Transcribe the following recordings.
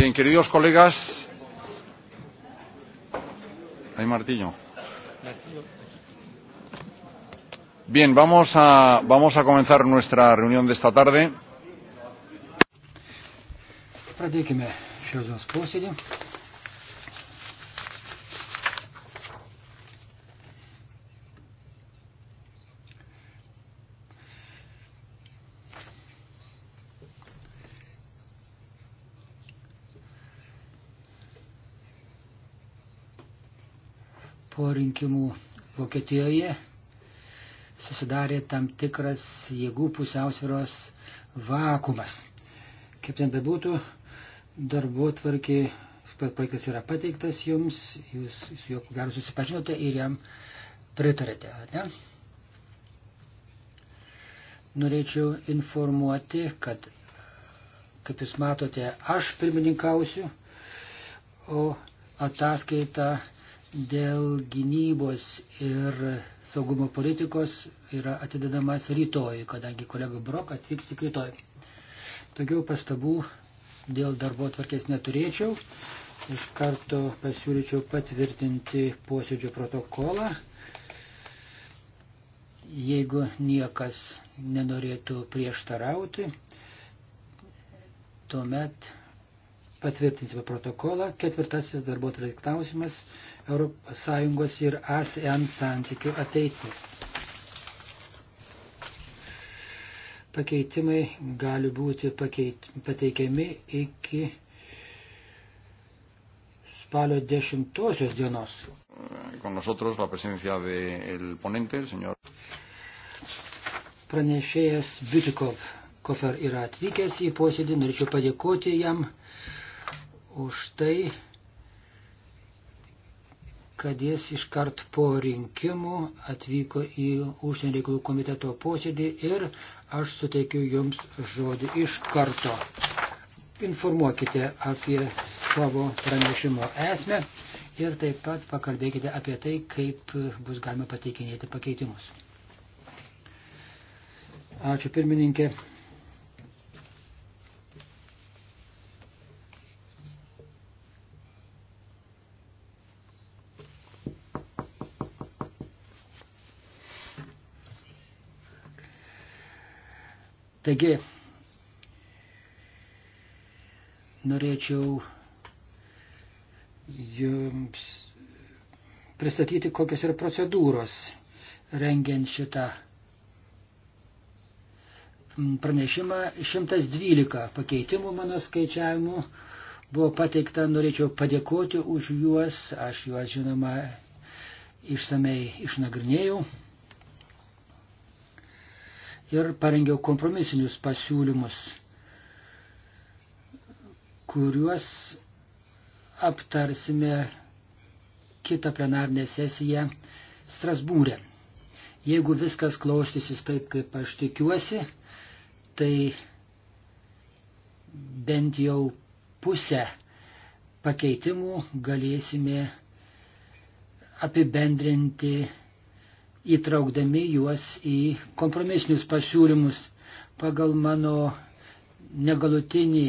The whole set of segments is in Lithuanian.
Bien, queridos colegas. Hay martillo. Bien, vamos a, vamos a comenzar nuestra reunión de esta tarde. Pradėkime šios dienos posėdį. rinkimų Vokietijoje susidarė tam tikras jėgų pusiausvėros vakumas. Kaip ten bebūtų, darbo tvarkė projektas yra pateiktas jums, jūs su juo gerai susipažinote ir jam pritarėte, ne? Norėčiau informuoti, kad, kaip jūs matote, aš pirmininkausiu, o ataskaita dėl gynybos ir saugumo politikos yra atidedamas rytoj, kadangi kolega Brok atvyks tik rytoj. Tokių pastabų dėl darbo tvarkės neturėčiau. Iš karto pasiūlyčiau patvirtinti posėdžio protokolą. Jeigu niekas nenorėtų prieštarauti, tuomet patvirtinsime protokolą. Ketvirtasis darbo tvarkės klausimas. ES ir ASEAN santykių ateitis. Pakeitimai gali būti pakeit, pateikiami iki spalio 10 dienos. Con nosotros la presencia del de ponente, el señor. Pranešėjas Bitikov Kofer yra atvykęs į posėdį, norėčiau padėkoti jam už tai, kad jis iškart po rinkimų atvyko į užsienio reikalų komiteto posėdį ir aš suteikiu jums žodį iš karto. Informuokite apie savo pranešimo esmę ir taip pat pakalbėkite apie tai, kaip bus galima pateikinėti pakeitimus. Ačiū pirmininkė. Taigi, norėčiau jums pristatyti, kokios yra procedūros rengiant šitą pranešimą. 112 pakeitimų mano skaičiavimu buvo pateikta, norėčiau padėkoti už juos, aš juos žinoma išsamei išnagrinėjau ir parengiau kompromisinius pasiūlymus, kuriuos aptarsime kitą plenarnę sesiją Strasbūrė. Jeigu viskas klaustysis taip, kaip aš tikiuosi, tai bent jau pusę pakeitimų galėsime apibendrinti įtraukdami juos į kompromisinius pasiūlymus. Pagal mano negalutinį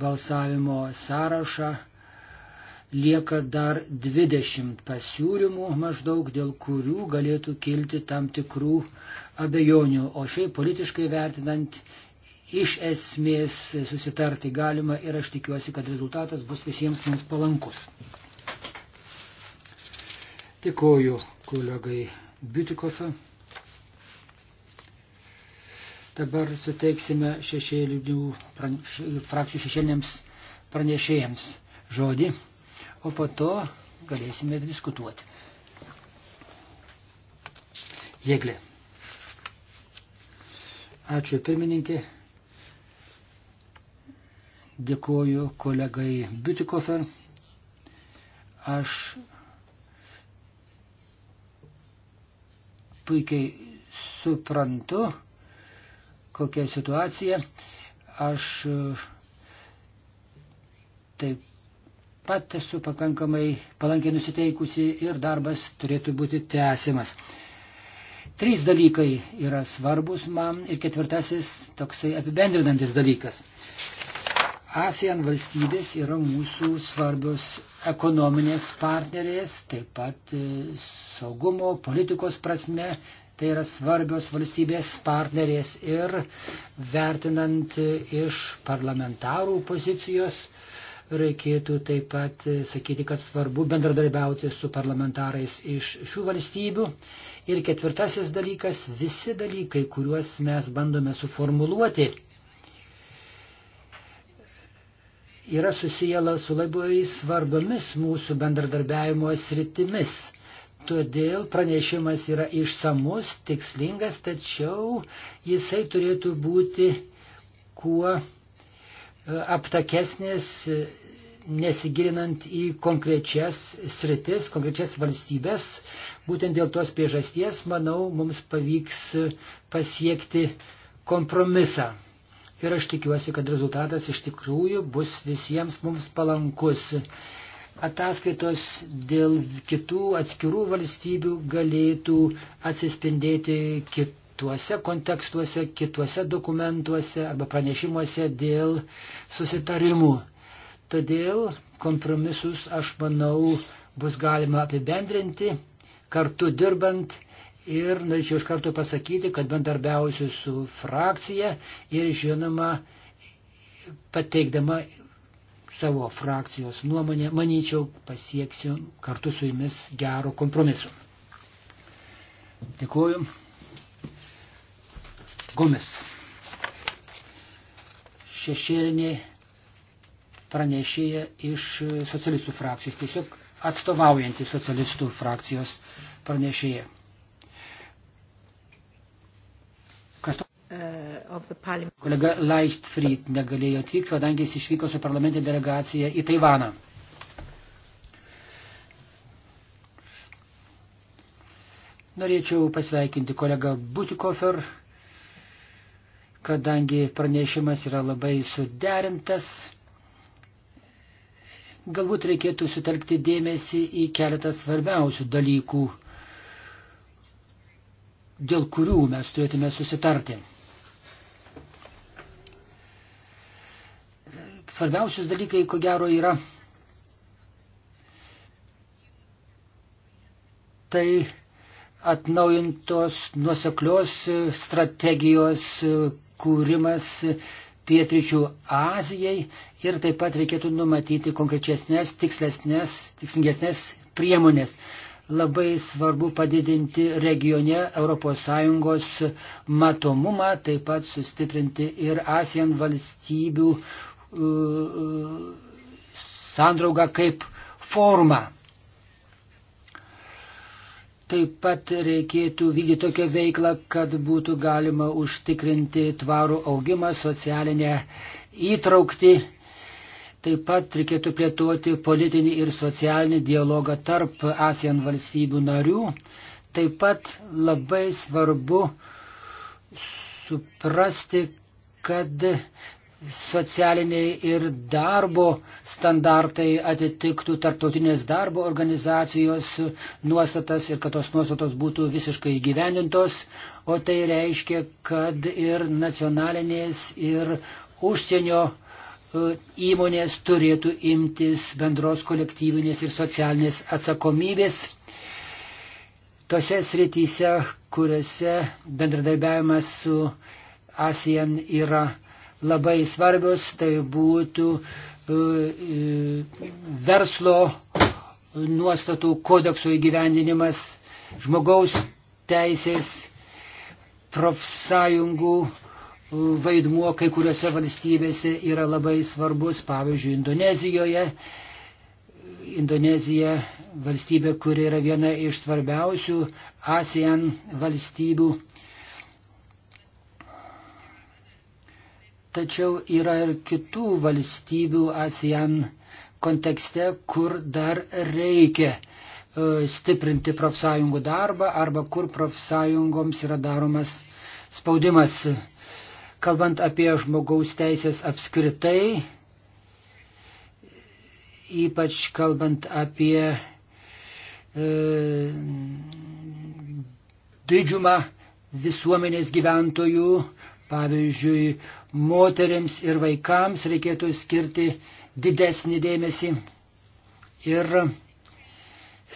balsavimo sąrašą lieka dar 20 pasiūlymų maždaug, dėl kurių galėtų kilti tam tikrų abejonių. O šiaip politiškai vertinant, iš esmės susitarti galima ir aš tikiuosi, kad rezultatas bus visiems mums palankus. Dėkoju kolegai Bitikofą. Dabar suteiksime šešėlinių frakcijų šešėliniams pranešėjams žodį, o po to galėsime diskutuoti. Jėglė. Ačiū pirmininkė. Dėkuoju kolegai Butikofer. Aš puikiai suprantu, kokia situacija. Aš e, taip pat esu pakankamai palankiai nusiteikusi ir darbas turėtų būti tęsiamas. Trys dalykai yra svarbus man ir ketvirtasis toksai apibendrinantis dalykas. ASEAN valstybės yra mūsų svarbios ekonominės partnerės, taip pat e, saugumo, politikos prasme, tai yra svarbios valstybės partnerės ir vertinant e, iš parlamentarų pozicijos, reikėtų taip pat e, sakyti, kad svarbu bendradarbiauti su parlamentarais iš šių valstybių. Ir ketvirtasis dalykas - visi dalykai, kuriuos mes bandome suformuluoti yra susijęla su labai svarbiomis mūsų bendradarbiavimo sritimis. Todėl pranešimas yra išsamus, tikslingas, tačiau jisai turėtų būti kuo e, aptakesnis, e, nesigilinant į konkrečias sritis, konkrečias valstybės. Būtent dėl tos priežasties, manau, mums pavyks pasiekti kompromisą ir aš tikiuosi, kad rezultatas iš tikrųjų bus visiems mums palankus. Ataskaitos dėl kitų atskirų valstybių galėtų atsispindėti kituose kontekstuose, kituose dokumentuose arba pranešimuose dėl susitarimų. Todėl kompromisus, aš manau, bus galima apibendrinti kartu dirbant ir norėčiau iš karto pasakyti, kad bendarbiausiu su frakcija ir žinoma pateikdama savo frakcijos nuomonę, manyčiau, pasieksiu kartu su jumis gero kompromisu. Dėkuoju. Gomes. Šešėlinė pranešėja iš socialistų frakcijos, tiesiog atstovaujantį socialistų frakcijos pranešėją. Kolega Leichtfried negalėjo atvykti, kadangi jis išvyko su parlamentinė delegacija į Taivaną. Norėčiau pasveikinti kolegą Butikofer, kadangi pranešimas yra labai suderintas. Galbūt reikėtų sutelkti dėmesį į keletą svarbiausių dalykų, dėl kurių mes turėtume susitarti. svarbiausius dalykai, ko gero, yra tai atnaujintos nuoseklios strategijos kūrimas pietryčių Azijai ir taip pat reikėtų numatyti konkrečesnės, tikslesnės, tikslingesnės priemonės. Labai svarbu padidinti regione ES matomumą, taip pat sustiprinti ir ASEAN valstybių sandraugą kaip formą. Taip pat reikėtų vykdyti tokią veiklą, kad būtų galima užtikrinti tvarų augimą, socialinę įtraukti. Taip pat reikėtų plėtoti politinį ir socialinį dialogą tarp ASEAN valstybių narių. Taip pat labai svarbu suprasti, kad socialiniai ir darbo standartai atitiktų tarptautinės darbo organizacijos nuostatas ir kad tos nuostatos būtų visiškai gyvenintos, o tai reiškia, kad ir nacionalinės, ir užsienio e, įmonės turėtų imtis bendros kolektyvinės ir socialinės atsakomybės tose srityse, kuriuose bendradarbiavimas su ASEAN yra labai svarbios, tai būtų e, e, verslo nuostatų kodekso įgyvendinimas, žmogaus teisės, profsąjungų e, vaidmuo kai kuriuose valstybėse yra labai svarbus, pavyzdžiui, Indonezijoje. Indonezija valstybė, kuri yra viena iš svarbiausių ASEAN valstybių Tačiau yra ir kitų valstybių ASEAN kontekste, kur dar reikia e, stiprinti profsąjungų darbą arba kur profsąjungoms yra daromas spaudimas. Kalbant apie žmogaus teisės apskritai, ypač kalbant apie e, didžiumą visuomenės gyventojų, Pavyzdžiui, moteriams ir vaikams reikėtų skirti didesnį dėmesį ir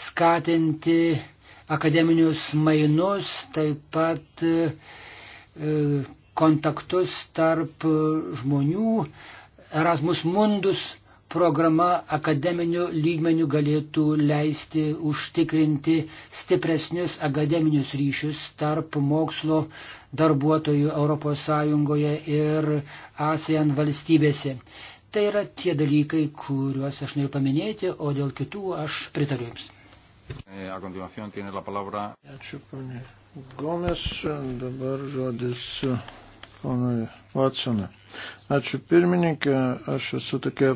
skatinti akademinius mainus, taip pat e, kontaktus tarp žmonių. Erasmus Mundus programa akademinių lygmenių galėtų leisti užtikrinti stipresnius akademinius ryšius tarp mokslo darbuotojų ES ir ASEAN valstybėse. Tai yra tie dalykai, kuriuos aš noriu paminėti, o dėl kitų aš pritariu jums. Eh, Ačiū, ponė Gomes. Dabar žodis eh, ponui Watsonui. Ačiū pirmininkė, aš esu tokia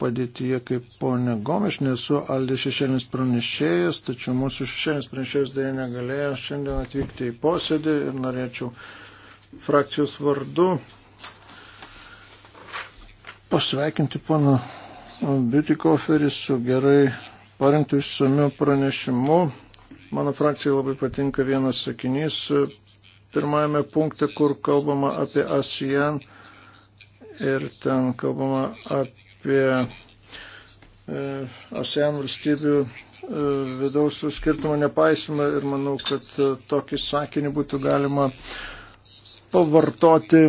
padėtyje kaip ponė Gomiš, nesu Aldė šešėlis pranešėjas, tačiau mūsų šešėlis pranešėjas dėja negalėjo šiandien atvykti į posėdį ir norėčiau frakcijos vardu pasveikinti poną Bitikoferį su gerai parinktų išsamiu pranešimu. Mano frakcijai labai patinka vienas sakinys. Pirmajame punkte, kur kalbama apie ASEAN ir ten kalbama apie apie e, ASEAN valstybių e, vidaus skirtumo nepaisimą ir manau, kad e, tokį sakinį būtų galima pavartoti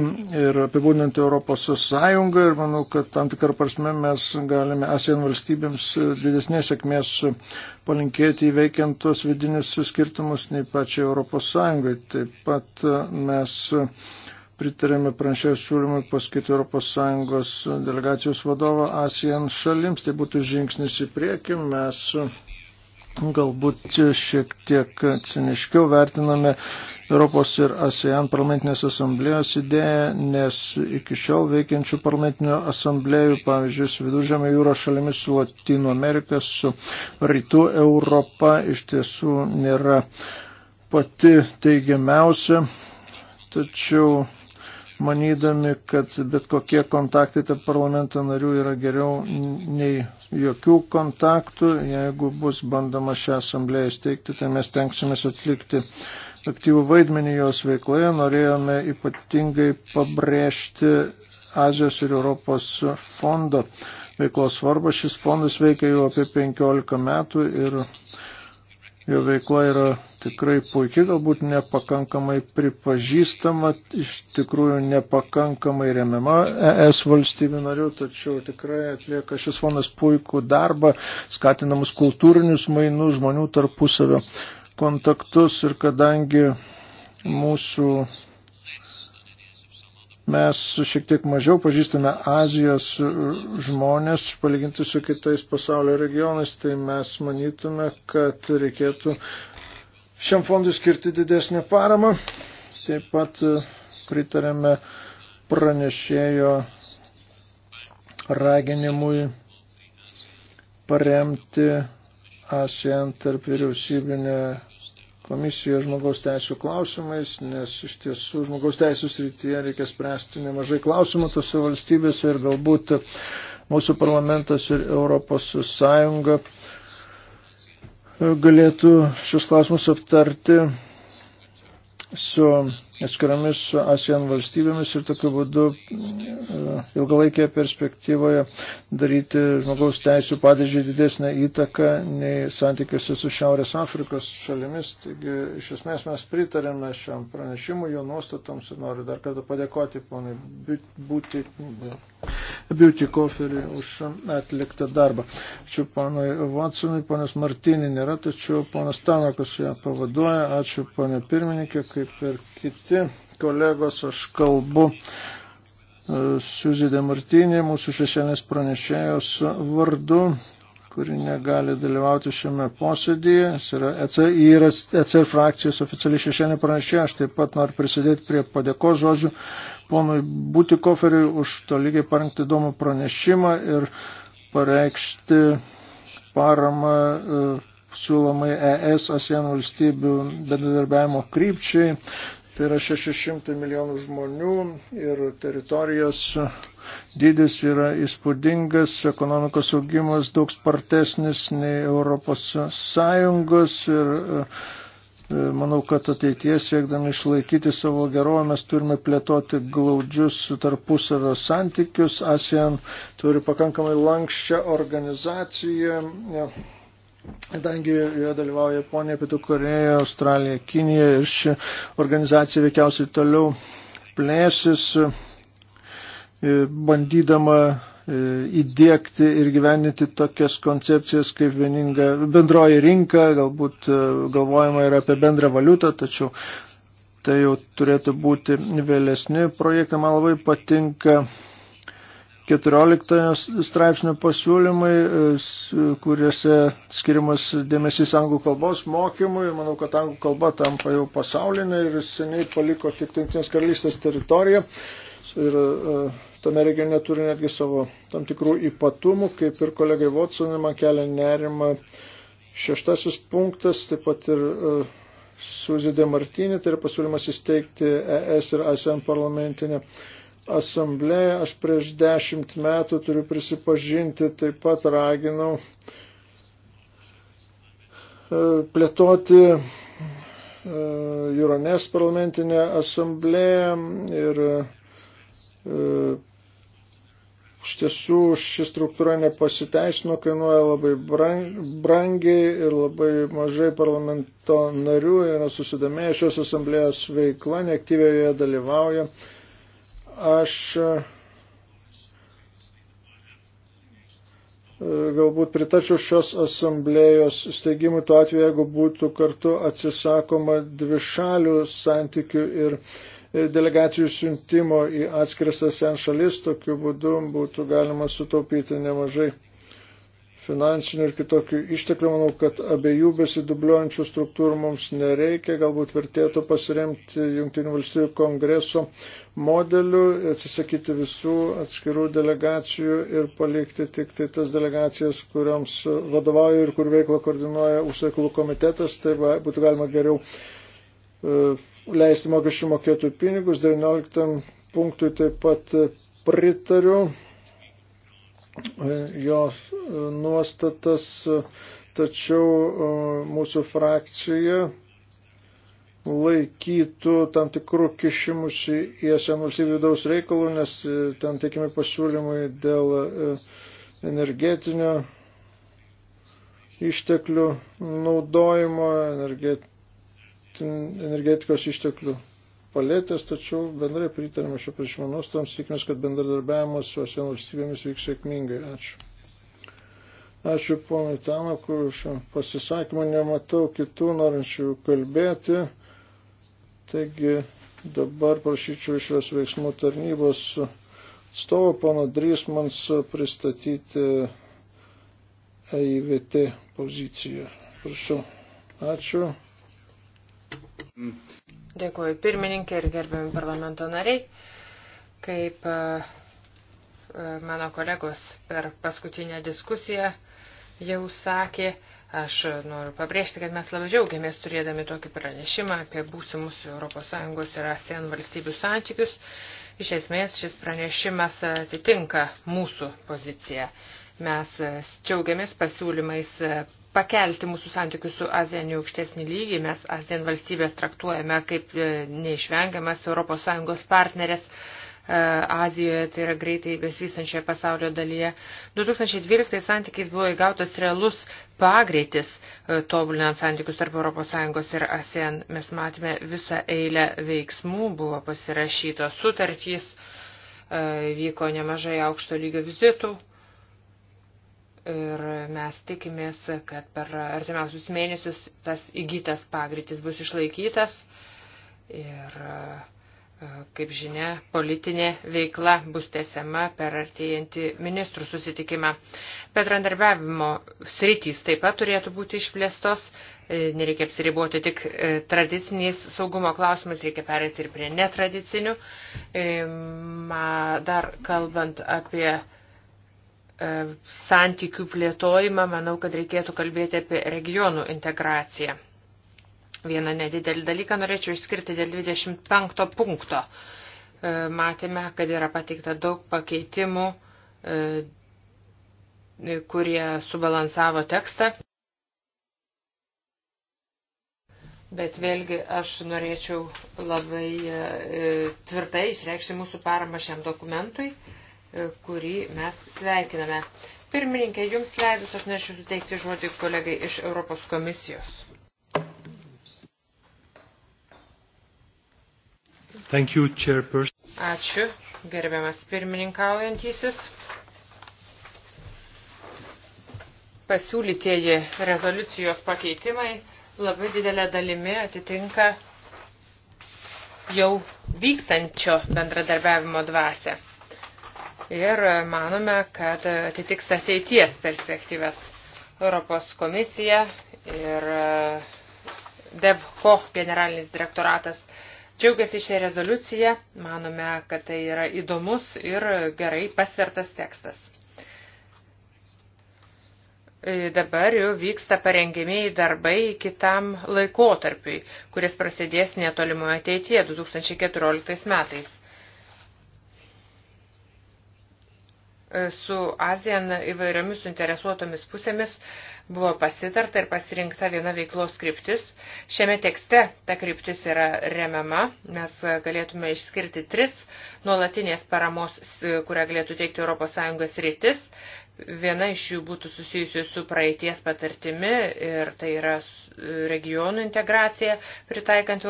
ir apibūdinti Europos Sąjungą ir manau, kad tam tikrą prasme mes galime ASEAN valstybėms didesnės sėkmės palinkėti įveikiant tos vidinius skirtumus nei pačiai Europos Sąjungai. Taip pat mes pritarėme pranešėjos siūlymui paskirti ES delegacijos vadovą ASEAN šalims. Tai būtų žingsnis į priekį. Mes galbūt šiek tiek ciniškiau vertiname Europos ir ASEAN parlamentinės asamblėjos idėją, nes iki šiol veikiančių parlamentinių asamblėjų, pavyzdžiui, su Viduržėmio jūros šalimis, su Latino Amerika, su Rytų Europa iš tiesų nėra pati teigiamiausia. Tačiau manydami, kad bet kokie kontaktai tarp parlamento narių yra geriau nei jokių kontaktų. Jeigu bus bandama šią asamblėją steigti, tai mes tenksimės atlikti aktyvų vaidmenį jos veikloje. Norėjome ypatingai pabrėžti Azijos ir Europos fondo veiklos svarbą. Šis fondas veikia jau apie 15 metų ir jo veikla yra tikrai puikiai, galbūt nepakankamai pripažįstama, iš tikrųjų nepakankamai remiama ES valstybių narių, tačiau tikrai atlieka šis fondas puikų darbą, skatinamus kultūrinius mainus, žmonių tarpusavio kontaktus ir kadangi mūsų mes šiek tiek mažiau pažįstame Azijos žmonės, palyginti su kitais pasaulio regionais, tai mes manytume, kad reikėtų šiam fondui skirti didesnę paramą. Taip pat e, pritarėme pranešėjo raginimui paremti ASEAN tarp vyriausybinę komisiją žmogaus teisų klausimais, nes iš tiesų žmogaus teisų srityje reikia spręsti nemažai klausimų tose valstybėse ir galbūt mūsų parlamentas ir Europos Sąjunga galėtų šios klausimus aptarti su atskiramis ASEAN valstybėmis ir tokiu būdu e, ilgalaikėje perspektyvoje daryti žmogaus teisų padėžiai didesnę įtaką nei santykiuose su Šiaurės Afrikos šalimis. Taigi, iš esmės mes pritarėme šiam pranešimui, jo nuostatoms ir noriu dar kartą padėkoti ponai būti Beauty Coffee už atliktą darbą. Ačiū panui Watsonui, panas Martinį nėra, tačiau panas Tanakas ją pavaduoja. Ačiū panė pirmininkė, kaip ir kiti kolegos, aš kalbu. E, Suzidė Martinė, mūsų šešienės pranešėjos vardu, kuri negali dalyvauti šiame posėdėje. Jis yra ECR, yra ECR frakcijos oficialiai šešienė pranešėja. Aš taip pat noriu prisidėti prie padėkos žodžių ponui būti koferiui už to lygiai parengti įdomų pranešimą ir pareikšti paramą e, siūlomai ES ASEAN valstybių bendradarbiavimo krypčiai. Tai yra 600 milijonų žmonių ir teritorijos dydis yra įspūdingas, ekonomikos augimas daug spartesnis nei Europos Sąjungos ir uh, Manau, kad ateities siekdami išlaikyti savo gerovę mes turime plėtoti glaudžius tarpusavio santykius. ASEAN turi pakankamai lankščią organizaciją, kadangi joje dalyvauja Japonija, Pietų Koreja, Australija, Kinija ir ši organizacija veikiausiai toliau plėsis, e, bandydama E, įdėkti ir gyveninti tokias koncepcijas kaip vieninga bendroji rinka, galbūt e, galvojama yra apie bendrą valiutą, tačiau tai jau turėtų būti vėlesni projektai. Man labai patinka 14 straipsnio pasiūlymai, e, kuriuose skirimas dėmesys anglų kalbos mokymui. Manau, kad anglų kalba tampa jau pasaulinė ir seniai paliko tik Tinktinės karalystės teritoriją. Ir uh, tame regione turi netgi savo tam tikrų ypatumų, kaip ir kolegai Watsonui man kelia nerima. Šeštasis punktas, taip pat ir uh, e, Suzidė Martinė, tai yra pasiūlymas įsteigti ES ir ASEAN parlamentinę asamblėją. Aš prieš dešimt metų turiu prisipažinti, taip pat raginau uh, plėtoti Juronės e, parlamentinė asamblėja ir Iš tiesų ši struktūra nepasiteisino, kainuoja labai brangiai ir labai mažai parlamento narių yra susidomėję šios asamblėjos veikla, neaktyviai joje dalyvauja. Aš e, galbūt pritačiau šios asamblėjos steigimui tuo atveju, jeigu būtų kartu atsisakoma dvišalių santykių ir uh, E, delegacijų siuntimo į atskiras ASEAN šalis, tokiu būdu būtų galima sutaupyti nemažai finansinių ir kitokių išteklių. Manau, kad abiejų besidubliuojančių struktūrų mums nereikia. Galbūt vertėtų pasiremti Junktinių valstybių kongreso modeliu, atsisakyti visų atskirų delegacijų ir palikti tik tai tas delegacijas, kuriams vadovauju ir kur veiklą koordinuoja užsieklų komitetas. Tai va, būtų galima geriau e, leisti mokesčių mokėtų pinigus. 19 punktui taip pat e, pritariu e, jos e, nuostatas, tačiau mūsų frakcija laikytų tam tikrų kišimus į esam valstybių vidaus reikalų, nes ten teikimi pasiūlymai dėl energetinio išteklių naudojimo, energetinio energetikos išteklių palėtės, tačiau bendrai pritarėme šio priešimo nuostams, tikimės, kad bendradarbiavimas su asien valstybėmis vyks sėkmingai. Ačiū. Ačiū ponui Tamakui už pasisakymą, nematau kitų norinčių kalbėti. Taigi dabar prašyčiau išvės veiksmų tarnybos atstovo pono Drysmans pristatyti EIVT poziciją. Prašau. Ačiū. Dėkuoju pirmininkė ir gerbiami parlamento nariai. Kaip e, e, mano kolegos per paskutinę diskusiją jau sakė, aš noriu pabrėžti, kad mes labai džiaugiamės turėdami tokį pranešimą apie būsimus ES ir ASEAN valstybių santykius. Iš esmės šis pranešimas atitinka mūsų poziciją. Mes e, džiaugiamės pasiūlymais e, pakelti mūsų santykius su ASEAN į aukštesnį lygį. Mes ASEAN valstybės traktuojame kaip e, neišvengiamas ES partnerės Azijoje, tai yra greitai besisančioje pasaulio dalyje. 2012 santykiais buvo įgautas realus pagreitis, tobulinant santykius tarp ES ir ASEAN. Mes matėme visą eilę veiksmų, buvo pasirašytos sutartys, vyko nemažai aukšto lygio vizitų ir mes tikimės, kad per artimiausius mėnesius tas įgytas pagreitis bus išlaikytas ir, e, kaip žinia, politinė veikla bus tęsiama per artėjantį ministrų susitikimą. Petrandarbiavimo sritys taip pat turėtų būti išplėstos, e, nereikia apsiriboti tik e, tradiciniais saugumo klausimais, reikia perėti ir prie netradicinių. Dar kalbant apie E, santykių plėtojimą, manau, kad reikėtų kalbėti apie regionų integraciją. Vieną nedidelį dalyką norėčiau išskirti dėl 25 punkto. E, matėme, kad yra pateikta daug pakeitimų, e, kurie subalansavo tekstą. Bet vėlgi aš norėčiau labai tvirtai išreikšti mūsų paramą šiam dokumentui. E, kurį mes sveikiname. Pirmininkė, jums leidus aš nešiu suteikti žodį kolegai iš Europos komisijos. Thank you, chairperson. Ačiū, gerbiamas pirmininkaujantysis. Pasiūlytieji rezoliucijos pakeitimai labai didelė dalimi atitinka jau vykstančio bendradarbiavimo dvasę ir manome, kad atitiks ateities perspektyvas Europos komisija ir e, DevCo generalinis direktoratas džiaugiasi šią rezoliuciją. Manome, kad tai yra įdomus ir gerai pasvertas tekstas. E, dabar jau vyksta parengėmiai darbai kitam laikotarpiui, kuris prasidės netolimoje ateityje 2014 metais. E, su ASEAN įvairiomis suinteresuotomis pusėmis buvo pasitarta ir pasirinkta viena veiklos kryptis. Šiame tekste ta kryptis yra remiama. Mes galėtume išskirti tris nuolatinės paramos, e, kurią galėtų teikti ES rytis. Viena iš jų būtų susijusi su praeities patirtimi ir tai yra e, regionų integracija, pritaikant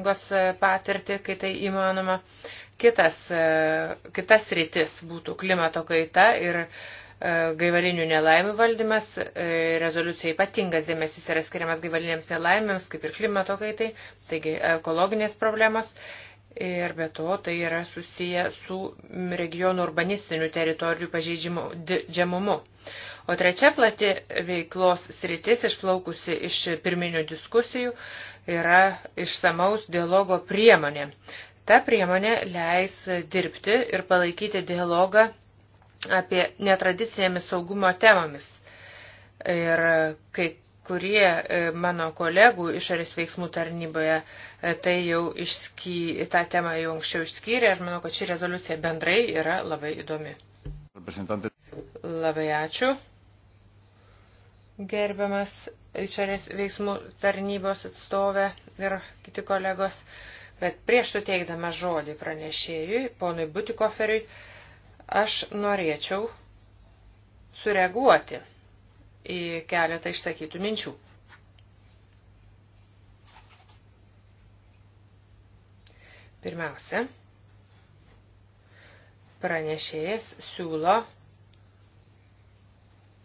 ES patirtį, kai tai įmanoma. Uh, kitas, e, kitas rytis būtų klimato kaita ir e, gaivalinių nelaimių valdymas. E, rezoliucija ypatingas dėmesys yra skiriamas gaivaliniams nelaimėms, kaip ir klimato kaitai, taigi ekologinės problemos. Ir be to tai yra susiję su regionų urbanistinių teritorijų pažeidžiamumu. O trečia plati veiklos sritis išplaukusi iš pirminių diskusijų yra išsamaus dialogo priemonė. Ta priemonė leis dirbti ir palaikyti dialogą apie netradicinėmis saugumo temomis. Ir kai kurie e, mano kolegų išorės veiksmų tarnyboje e, tai jau išsky, tą temą jau anksčiau išskyrė ir manau, kad ši rezoliucija bendrai yra labai įdomi. Labai ačiū. Gerbiamas išorės veiksmų tarnybos atstovė ir kiti kolegos. Bet prieš suteikdama žodį pranešėjui, ponui Butikoferiui, aš norėčiau sureaguoti į keletą išsakytų minčių. Pirmiausia, pranešėjas siūlo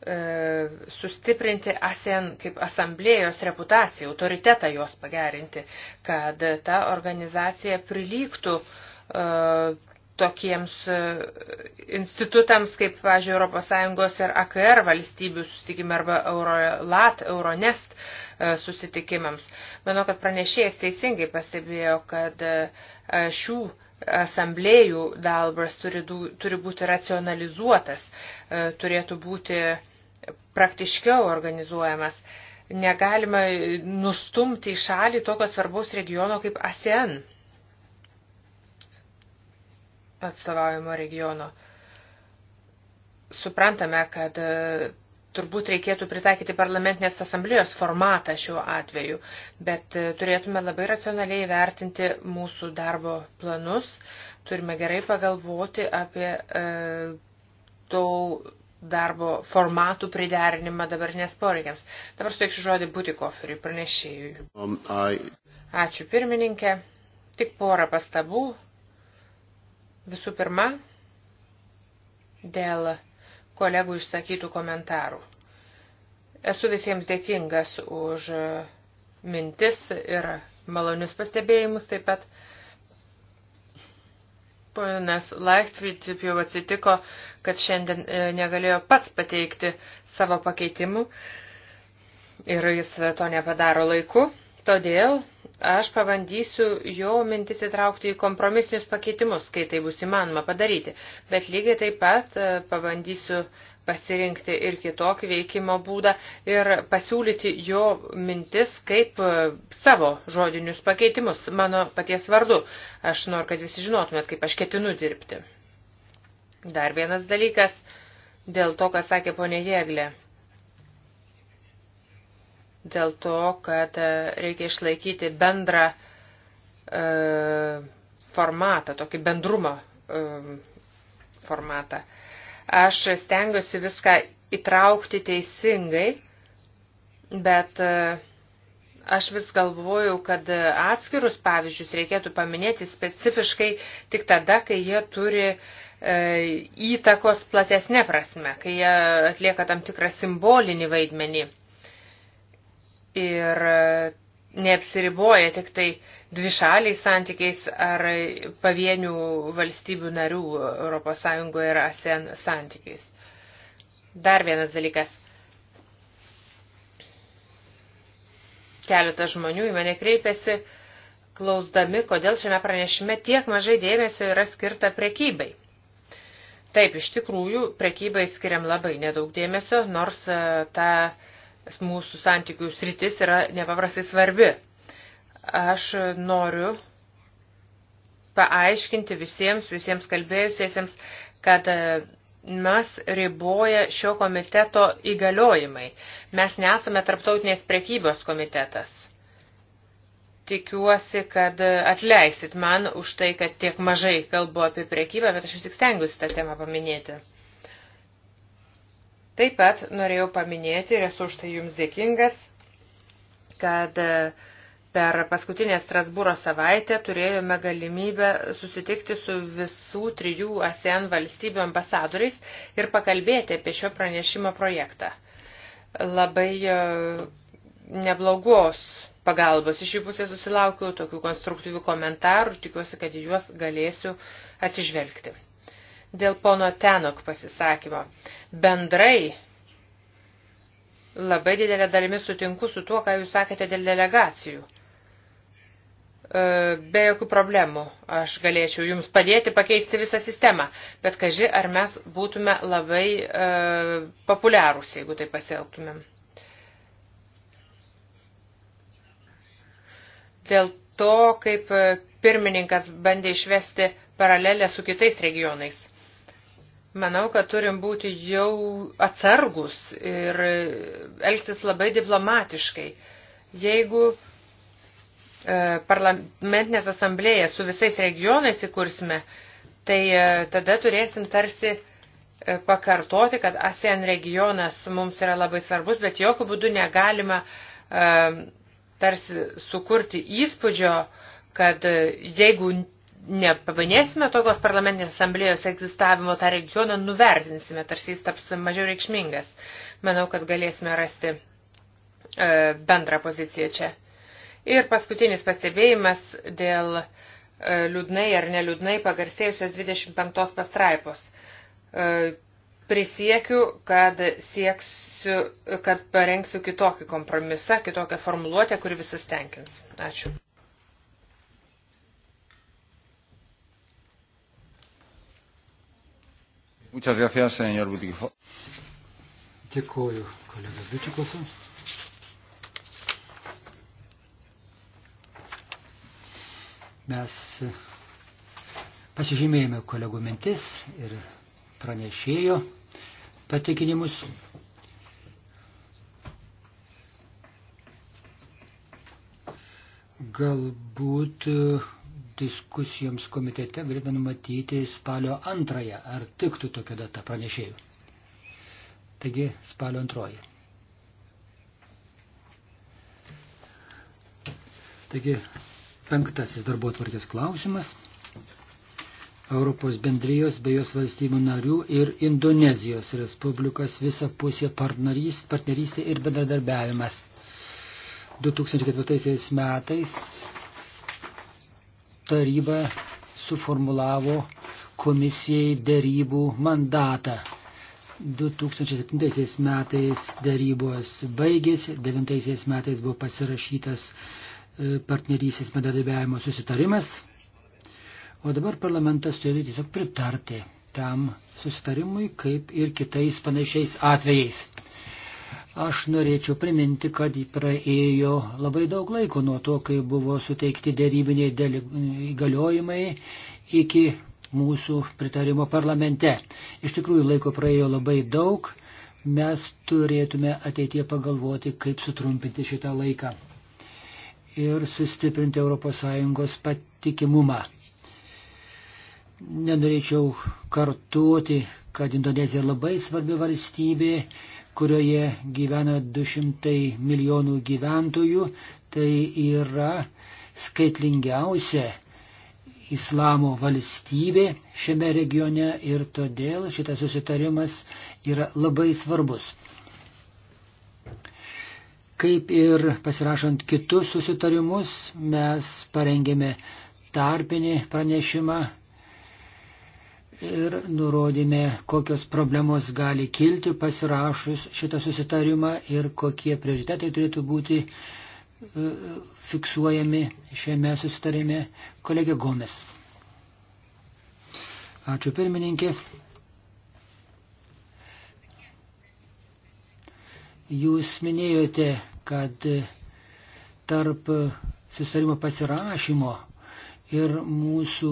E, sustiprinti ASEAN kaip asamblėjos reputaciją, autoritetą jos pagerinti, kad ta organizacija prilygtų e, tokiems e, institutams kaip, pažiūrėjau, ES ir AKR valstybių susitikimai arba Eurolat, Euronest susitikimams. Manau, kad pranešėjas teisingai pastebėjo, kad šių asamblėjų dalbras turi, turi būti racionalizuotas, turėtų būti praktiškiau organizuojamas. Negalima nustumti į šalį tokio svarbaus regiono kaip ASEAN atstovaujamo regiono. Suprantame, kad e, turbūt reikėtų pritaikyti parlamentinės asamblėjos formatą šiuo atveju, bet e, turėtume labai racionaliai vertinti mūsų darbo planus, turime gerai pagalvoti apie e, to darbo formatų priderinimą dabartinės poreikiams. Dabar suteiksiu žodį Butikoferiui, pranešėjui. Um, I... Ačiū pirmininkė. Tik porą pastabų. Visų pirma, dėl kolegų išsakytų komentarų. Esu visiems dėkingas už mintis ir malonius pastebėjimus taip pat. Uh, Ponas Laichtfried jau atsitiko, kad šiandien e, negalėjo pats pateikti savo pakeitimų ir jis to nepadaro laiku. Todėl aš pabandysiu jo mintis įtraukti į kompromisinius pakeitimus, kai tai bus įmanoma padaryti. Bet lygiai taip pat e, pabandysiu pasirinkti ir kitokį veikimo būdą ir pasiūlyti jo mintis kaip e, savo žodinius pakeitimus mano paties vardu. Aš noriu, kad visi žinotumėt, kaip aš ketinu dirbti. Dar vienas dalykas dėl to, ką sakė ponė Jėglė. Dėl to, kad e, reikia išlaikyti bendrą e, formatą, tokį bendrumą e, formatą. E, Aš stengiuosi viską įtraukti teisingai, bet e, aš vis galvojau, kad atskirus pavyzdžius reikėtų paminėti specifiškai tik tada, kai jie turi e, įtakos platesnė prasme, kai jie atlieka tam tikrą simbolinį vaidmenį. Ir neapsiriboja tik tai dvišaliais santykiais ar pavienių valstybių narių ES ir ASEAN santykiais. Dar vienas dalykas. Keletas žmonių į mane kreipiasi, klausdami, kodėl šiame pranešime tiek mažai dėmesio yra skirta prekybai. Taip, iš tikrųjų, prekybai skiriam labai nedaug dėmesio, nors e, ta mūsų santykių sritis yra nepaprastai svarbi. Aš noriu paaiškinti visiems, visiems kalbėjusiesiems, kad e, mes riboja šio komiteto įgaliojimai. Mes nesame tarptautinės prekybos komitetas. Tikiuosi, kad atleisit man už tai, kad tiek mažai kalbu apie prekybą, bet aš vis tik stengiuosi tą temą paminėti. Taip pat norėjau paminėti, ir esu už tai jums dėkingas, kad e, per paskutinę Strasbūro savaitę turėjome galimybę susitikti su visų trijų ASEAN valstybių ambasadoriais ir pakalbėti apie šio pranešimo projektą. Labai e, neblogos pagalbos iš jų pusės susilaukiu, tokių konstruktyvių komentarų, tikiuosi, kad juos galėsiu atsižvelgti. Dėl pono Tenok pasisakymo. Uh, bendrai labai didelė dalimi sutinku su tuo, ką jūs sakėte dėl delegacijų. E, be jokių problemų aš galėčiau jums padėti pakeisti visą sistemą, bet kaži, ar mes būtume labai e, populiarūs, jeigu tai pasielgtumėm. Dėl to, kaip e, pirmininkas bandė išvesti paralelę su kitais regionais. Manau, kad turim būti jau atsargus ir elgtis labai diplomatiškai. Jeigu e, parlamentinės asamblėjas su visais regionais įkursime, tai e, tada turėsim tarsi e, pakartoti, kad ASEAN regionas mums yra labai svarbus, bet jokių būdų negalima tarsi sukurti įspūdžio, kad jeigu nepabanėsime tokios parlamentinės asamblėjos egzistavimo, tą regioną nuvertinsime, tarsi jis taps mažiau reikšmingas. Manau, kad galėsime rasti e, bendrą poziciją čia. Ir paskutinis pastebėjimas dėl e, liūdnai ar neliūdnai pagarsėjusios 25 pastraipos. E, prisiekiu, kad sieksiu, kad parengsiu kitokį kompromisą, kitokią formuluotę, kuri visus tenkins. Ačiū. Muchas gracias, señor Butikofo. Dėkuoju, kolega Butikofo. Mes pasižymėjome kolegų mintis ir pranešėjo patikinimus. Galbūt uh, diskusijoms komitete galime numatyti spalio antrąją. Ar tiktų tokia data pranešėjų? Taigi spalio antroji. Taigi penktasis darbo tvarkės klausimas. Europos bendrijos bei jos valstybių narių ir Indonezijos Respublikos visapusė partnerystė ir bendradarbiavimas. 2004 metais taryba suformulavo komisijai darybų mandatą. 2007 metais darybos baigėsi, 2009 metais buvo pasirašytas e, partnerysis bendradarbiavimo susitarimas, o dabar parlamentas turi tiesiog pritarti tam susitarimui, kaip ir kitais panašiais atvejais. Aš norėčiau priminti, kad praėjo labai daug laiko nuo to, kai buvo suteikti dėrybiniai įgaliojimai iki mūsų pritarimo parlamente. Iš tikrųjų, laiko praėjo labai daug. Mes turėtume ateitie pagalvoti, kaip sutrumpinti šitą laiką ir sustiprinti ES patikimumą. Nenorėčiau kartuoti, kad Indonezija labai svarbi valstybė kurioje gyvena 200 milijonų gyventojų, tai yra skaitlingiausia islamo valstybė šiame regione ir todėl šitas susitarimas yra labai svarbus. Kaip ir pasirašant kitus susitarimus, mes parengėme tarpinį pranešimą ir nurodėme, kokios problemos gali kilti pasirašus šitą susitarimą ir kokie prioritetai turėtų būti e, fiksuojami šiame susitarime. Kolegė Gomes. Ačiū pirmininkė. Jūs minėjote, kad tarp susitarimo pasirašymo ir mūsų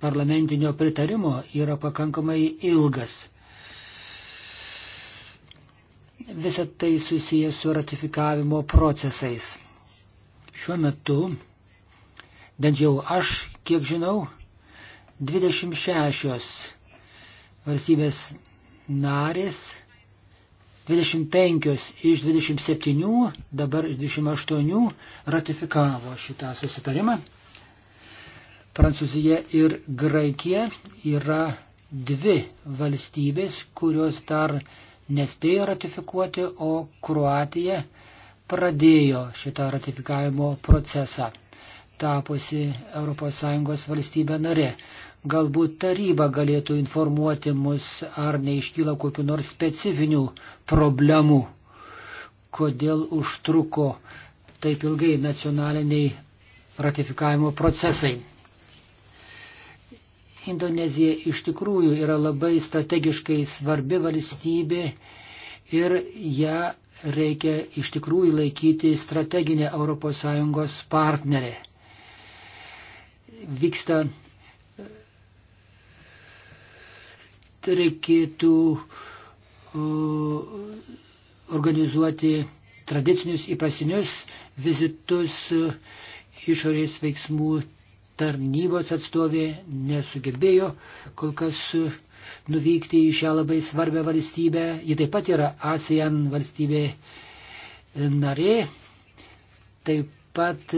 parlamentinio pritarimo yra pakankamai ilgas. Visą tai susijęs su ratifikavimo procesais. Šiuo metu, bent jau aš, kiek žinau, 26 valstybės narės 25 iš 27, dabar 28 ratifikavo šitą susitarimą. Prancūzija ir Graikija yra dvi valstybės, kurios dar nespėjo ratifikuoti, o Kroatija pradėjo šitą ratifikavimo procesą, tapusi ES valstybė narė. Galbūt taryba galėtų informuoti mus, ar neiškyla kokiu nors specifinių problemų, kodėl užtruko taip ilgai nacionaliniai ratifikavimo procesai. Indonezija iš tikrųjų yra labai strategiškai svarbi valstybė ir ją reikia iš tikrųjų laikyti strateginė ES partnerė. Vyksta e, reikėtų organizuoti tradicinius įprasinius vizitus e, išorės veiksmų tarnybos atstovė nesugebėjo kol kas nuvykti į šią labai svarbę valstybę. Ji taip pat yra ASEAN valstybė narė. Taip pat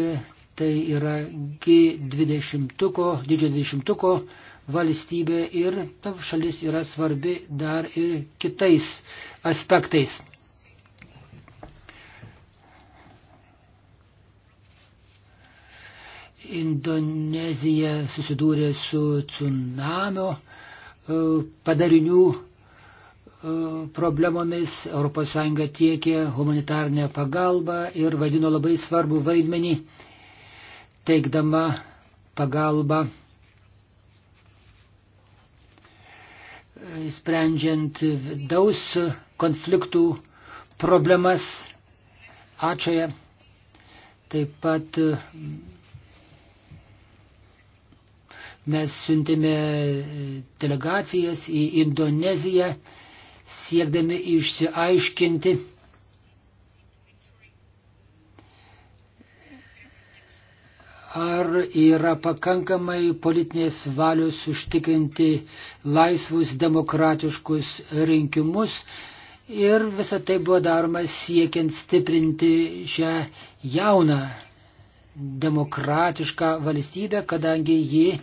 tai yra G20, didžiojo 20 valstybė ir ta šalis yra svarbi dar ir kitais aspektais. Indonezija susidūrė su tsunamio e, padarinių e, problemomis. ES tiekė humanitarnę pagalbą ir vadino labai svarbų vaidmenį, teikdama pagalbą, e, sprendžiant vidaus konfliktų problemas Ačioje. Taip pat Mes siuntėme e, delegacijas į Indoneziją, siekdami išsiaiškinti, ar yra pakankamai politinės valios užtikrinti laisvus demokratiškus rinkimus. Ir visa tai buvo daroma siekiant stiprinti šią jauną demokratišką valstybę, kadangi ji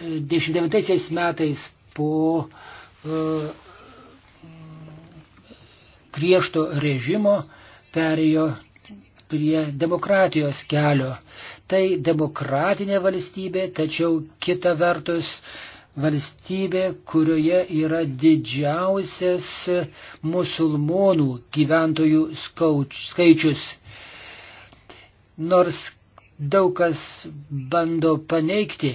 99 e, metais po e, griežto režimo perėjo prie demokratijos kelio. Tai demokratinė valstybė, tačiau kita vertus valstybė, kurioje yra didžiausias musulmonų gyventojų skauč, skaičius. Nors daug kas bando paneigti,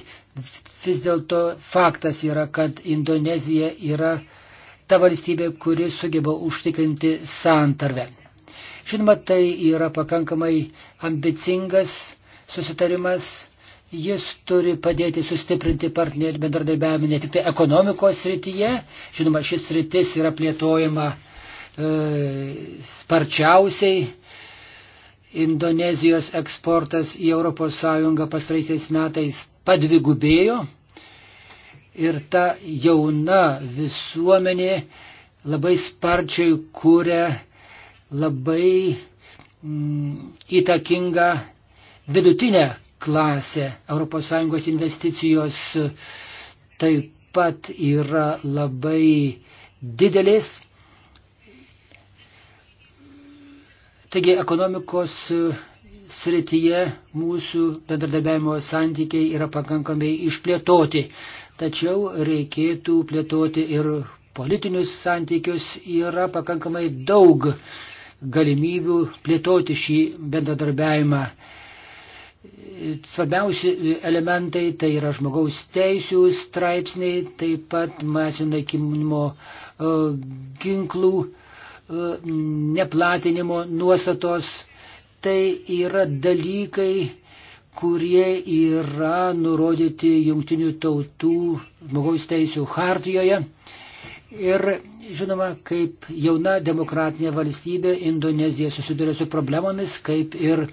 vis dėlto faktas yra, kad Indonezija yra ta valstybė, kuri sugeba užtikrinti santarvę. Žinoma, tai yra pakankamai ambicingas susitarimas, jis turi padėti sustiprinti partnerį bendradarbiavimą ne tik tai ekonomikos srityje, žinoma, šis sritis yra plėtojama e, sparčiausiai, Indonezijos eksportas į ES pastraisiais metais padvigubėjo ir ta jauna visuomenė labai sparčiai kūrė labai mm, įtakingą vidutinę klasę. ES investicijos taip pat yra labai didelės Taigi ekonomikos e, srityje mūsų bendradarbiavimo santykiai yra pakankamai išplėtoti, tačiau reikėtų plėtoti ir politinius santykius, yra pakankamai daug galimybių plėtoti šį bendradarbiavimą. Svarbiausi elementai tai yra žmogaus teisų straipsniai, taip pat masinaikinimo e, ginklų E, neplatinimo nuostatos. Tai yra dalykai, kurie yra nurodyti jungtinių tautų žmogaus teisų hartijoje. Ir žinoma, kaip jauna demokratinė valstybė Indonezija susiduria su problemomis, kaip ir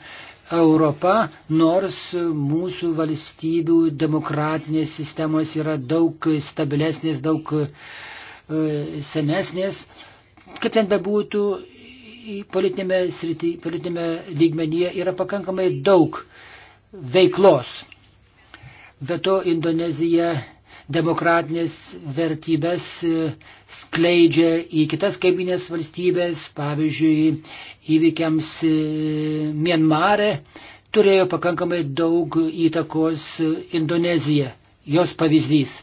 Europa, nors mūsų valstybių demokratinės sistemos yra daug stabilesnės, daug e, senesnės, kaip ten bebūtų, politinėme, srity, politinėme lygmenyje yra pakankamai daug veiklos. Be to Indonezija demokratinės vertybės e, skleidžia į kitas kaiminės valstybės, pavyzdžiui, įvykiams e, Mienmare turėjo pakankamai daug įtakos Indonezija, jos pavyzdys.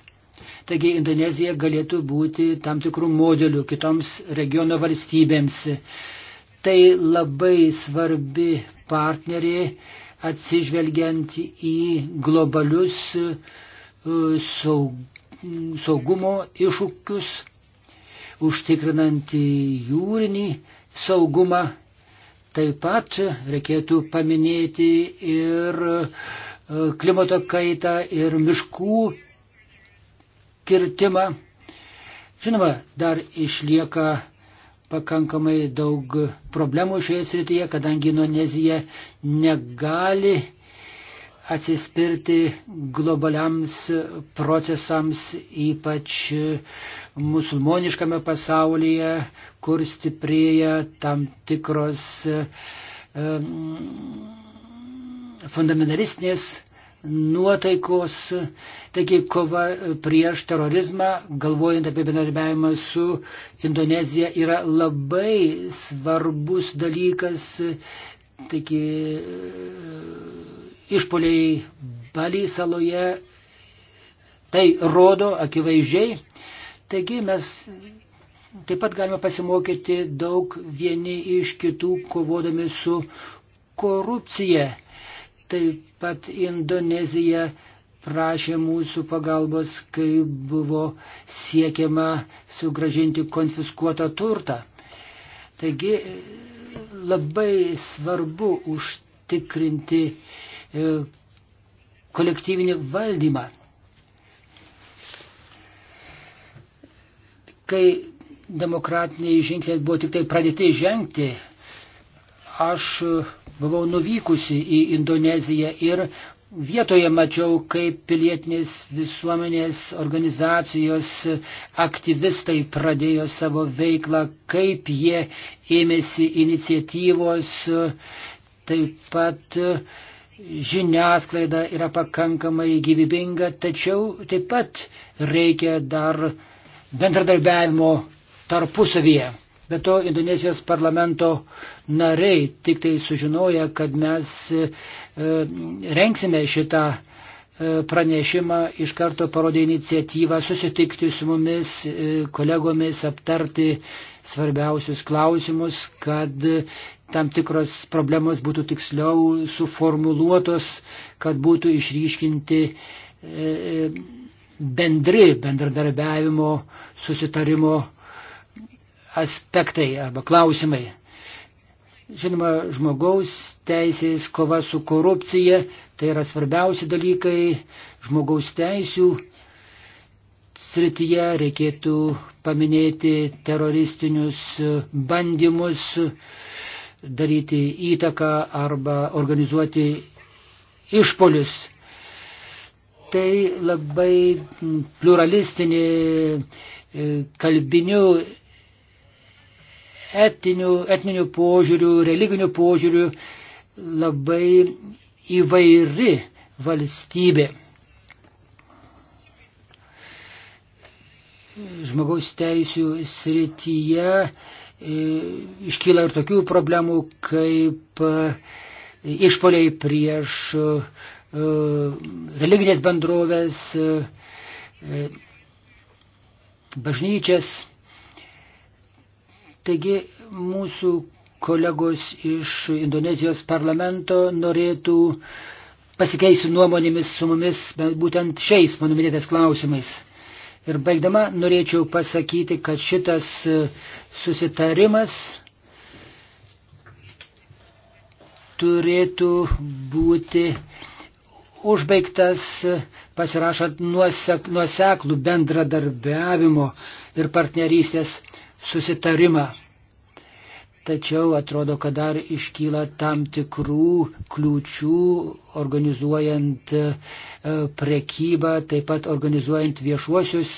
Taigi Indonezija galėtų būti tam tikrų modelių kitoms regiono valstybėms. Tai labai svarbi partnerė atsižvelgiant į globalius e, saugumo iššūkius, užtikrinant jūrinį saugumą. Taip pat reikėtų paminėti ir e, klimato kaitą ir miškų kirtimą. Žinoma, dar išlieka pakankamai daug problemų šioje srityje, kadangi Indonezija negali atsispirti globaliams procesams, ypač musulmoniškame pasaulyje, kur stiprėja tam tikros fundamentalistinės nuotaikos, taigi kova prieš terorizmą, galvojant apie bendarbiavimą su Indonezija, yra labai svarbus dalykas. Taigi e, išpoliai Balį saloje tai rodo akivaizdžiai. Taigi mes taip pat galime pasimokyti daug vieni iš kitų kovodami su korupcija. Taip pat Indonezija prašė mūsų pagalbos, kai buvo siekiama sugražinti konfiskuotą turtą. Taigi labai svarbu užtikrinti e, kolektyvinį valdymą. Kai demokratiniai žingsniai buvo tik tai pradėti žengti, aš Buvau nuvykusi į Indoneziją ir vietoje mačiau, kaip pilietinės visuomenės organizacijos aktyvistai pradėjo savo veiklą, kaip jie ėmėsi iniciatyvos, taip pat žiniasklaida yra pakankamai gyvybinga, tačiau taip pat reikia dar bendradarbiavimo tarpusavyje. Be to, Indonezijos parlamento nariai tik tai sužinoja, kad mes e, renksime šitą e, pranešimą, iš karto parodė iniciatyvą susitikti su mumis, e, kolegomis, aptarti svarbiausius klausimus, kad e, tam tikros problemos būtų tiksliau suformuluotos, kad būtų išryškinti e, e, bendri bendradarbiavimo susitarimo aspektai arba klausimai. Žinoma, žmogaus teisės, kova su korupcija, tai yra svarbiausi dalykai žmogaus teisių srityje reikėtų paminėti teroristinius bandymus daryti įtaką arba organizuoti išpolius. Tai labai pluralistinė e, kalbinių etinių, etninių požiūrių, religinių požiūrių labai įvairi valstybė. Žmogaus teisų srityje e, iškyla ir tokių problemų kaip e, išpoliai prieš e, religinės bendrovės, bažnyčias. Taigi mūsų kolegos iš Indonezijos parlamento norėtų pasikeisti nuomonėmis su mumis būtent šiais mano minėtais klausimais. Ir baigdama norėčiau pasakyti, kad šitas e, susitarimas turėtų būti užbaigtas e, pasirašant nuoseklų bendradarbiavimo ir partnerystės susitarimą. Tačiau atrodo, kad dar iškyla tam tikrų kliūčių organizuojant e, prekybą, taip pat organizuojant viešuosius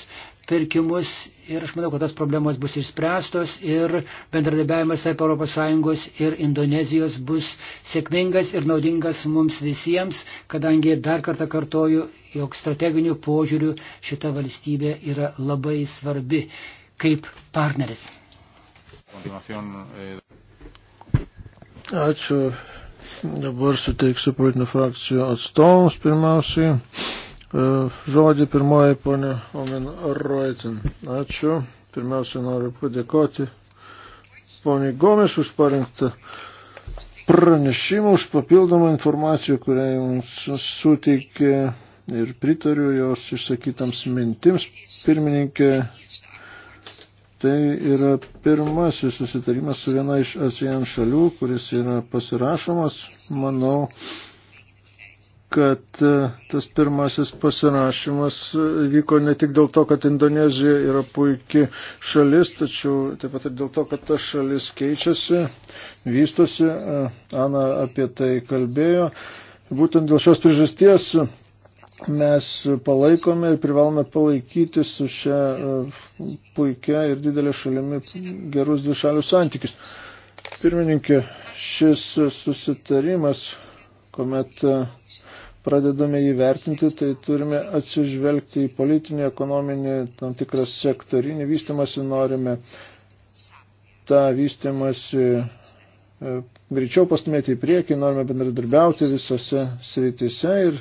pirkimus. Ir aš manau, kad tas problemos bus išspręstos ir bendradarbiavimas tarp ES ir Indonezijos bus sėkmingas ir naudingas mums visiems, kadangi dar kartą kartoju, jog strateginiu požiūriu šita valstybė yra labai svarbi kaip partneris. Eh, Ačiū. Dabar suteiksiu politinių frakcijų atstovams pirmiausiai. Eh, žodį pirmoji ponė Omen Reutin. Ačiū. Pirmiausia, noriu padėkoti poniai Gomes už parengtą pranešimą, už papildomą informaciją, kurią jums suteikė ir pritariu jos išsakytams mintims. Pirmininkė Tai yra pirmasis susitarimas su viena iš ASEAN šalių, kuris yra pasirašomas. Manau, kad e, tas pirmasis pasirašymas e, vyko ne tik dėl to, kad Indonezija yra puikia šalis, tačiau taip pat ir dėl to, kad ta šalis keičiasi, vystosi. E, Ana apie tai kalbėjo. Būtent dėl šios priežasties mes palaikome ir privalome palaikyti su šia e, puikia ir didelė šalimi gerus dvišalius santykius. Pirmininkė, šis susitarimas, kuomet e, pradedame jį vertinti, tai turime atsižvelgti į politinį, ekonominį, tam tikrą sektorinį vystimąsi, norime tą vystimąsi e, greičiau pastumėti į priekį, norime bendradarbiauti visose srityse ir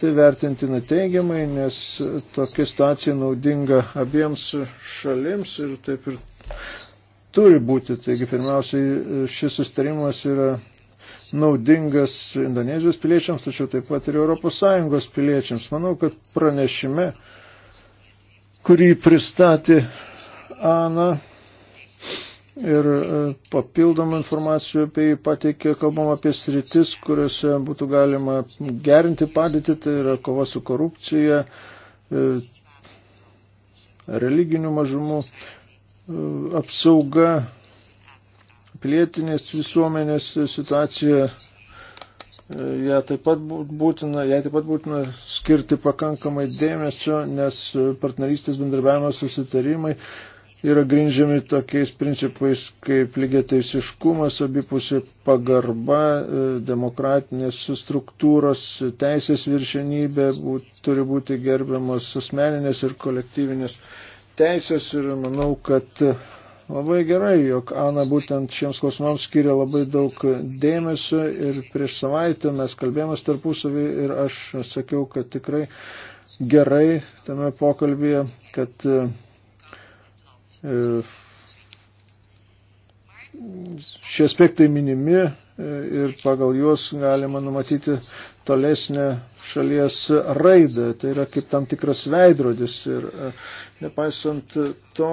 versti, vertintina teigiamai, nes tokia situacija naudinga abiems šalims ir taip ir turi būti. Taigi, pirmiausiai, šis sustarimas yra naudingas Indonezijos piliečiams, tačiau taip pat ir ES piliečiams. Manau, kad pranešime, kurį pristatė Ana, ir e, papildomą informaciją apie jį pateikė, kalbam apie sritis, kuriuose būtų galima gerinti padėtį, tai yra kova su korupcija, e, religinių mažumų e, apsauga, pilietinės visuomenės situacija, ją taip pat būtina, jai taip pat būtina skirti pakankamai dėmesio, nes partnerystės bendrabiavimo susitarimai yra grindžiami tokiais principais kaip lygiateisiškumas, abipusė pagarba, e, demokratinės struktūros, teisės viršenybė, būt, turi būti gerbiamas asmeninės ir kolektyvinės teisės ir manau, kad e, labai gerai, jog Ana būtent šiems klausimams skiria labai daug dėmesio ir prieš savaitę mes kalbėjomės tarpusavį ir aš sakiau, kad tikrai gerai tame pokalbėje, kad e, E, šie aspektai minimi e, ir pagal juos galima numatyti tolesnę šalies raidą. Tai yra kaip tam tikras veidrodis. Ir e, nepaisant to,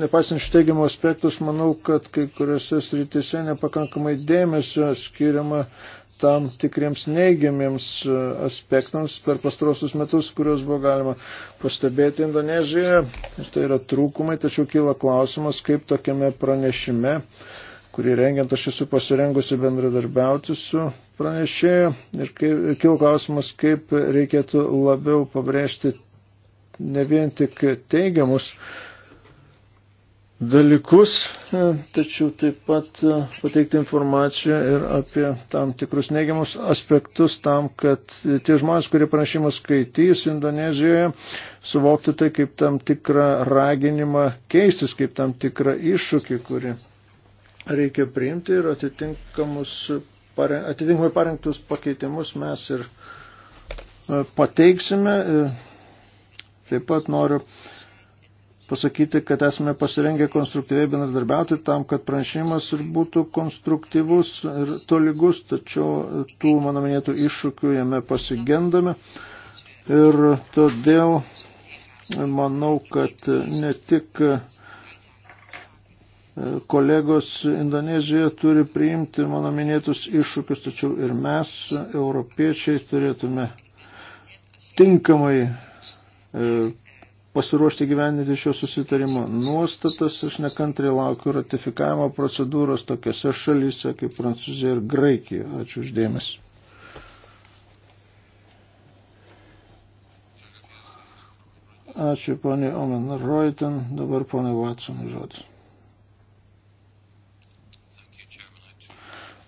nepaisant šiteigiamo aspektus, manau, kad kai kuriuose srityse nepakankamai dėmesio skiriama tam tikriems neigiamiems e, aspektams per pastarosius metus, kuriuos buvo galima pastebėti Indonezijoje. Ir tai yra trūkumai, tačiau kyla klausimas, kaip tokiame pranešime, kurį rengiant aš esu pasirengusi bendradarbiauti su pranešėju. Ir kyla klausimas, kaip reikėtų labiau pabrėžti ne vien tik teigiamus dalykus, e, tačiau taip pat e, pateikti informaciją ir apie tam tikrus neigiamus aspektus tam, kad tie žmonės, kurie pranešimą skaitys Indonezijoje, suvoktų tai kaip tam tikrą raginimą keistis, kaip tam tikrą iššūkį, kurį reikia priimti ir atitinkamus, atitinkamai parengtus pakeitimus mes ir e, pateiksime. Taip pat noriu pasakyti, kad esame pasirengę konstruktyviai bendradarbiauti tam, kad pranešimas ir būtų konstruktyvus ir tolygus, tačiau tų mano minėtų iššūkių jame pasigendame. Ir todėl manau, kad ne tik e, kolegos Indonezijoje turi priimti mano minėtus iššūkius, tačiau ir mes, europiečiai, turėtume tinkamai e, pasiruošti gyveninti šio susitarimo nuostatas. Aš nekantriai laukiu ratifikavimo procedūros tokiose šalyse kaip Prancūzija ir Graikija. Ačiū uždėmesi. Ačiū ponė Omen Reuten, dabar ponė Watson žodis.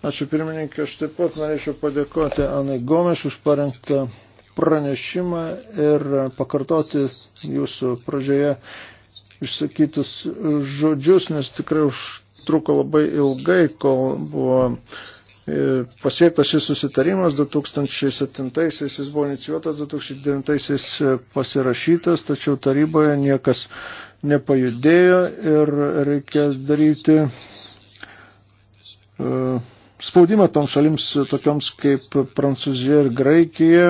Ačiū pirmininkė, aš taip pat norėčiau padėkoti Anai Gomeš už parengtą pranešimą ir pakartoti jūsų pradžioje išsakytus žodžius, nes tikrai užtruko labai ilgai, kol buvo e, pasiektas šis susitarimas 2007-aisiais, jis buvo inicijuotas 2009-aisiais e, pasirašytas, tačiau taryboje niekas nepajudėjo ir reikia daryti uh, spaudimą toms šalims, tokioms kaip Prancūzija ir Graikija,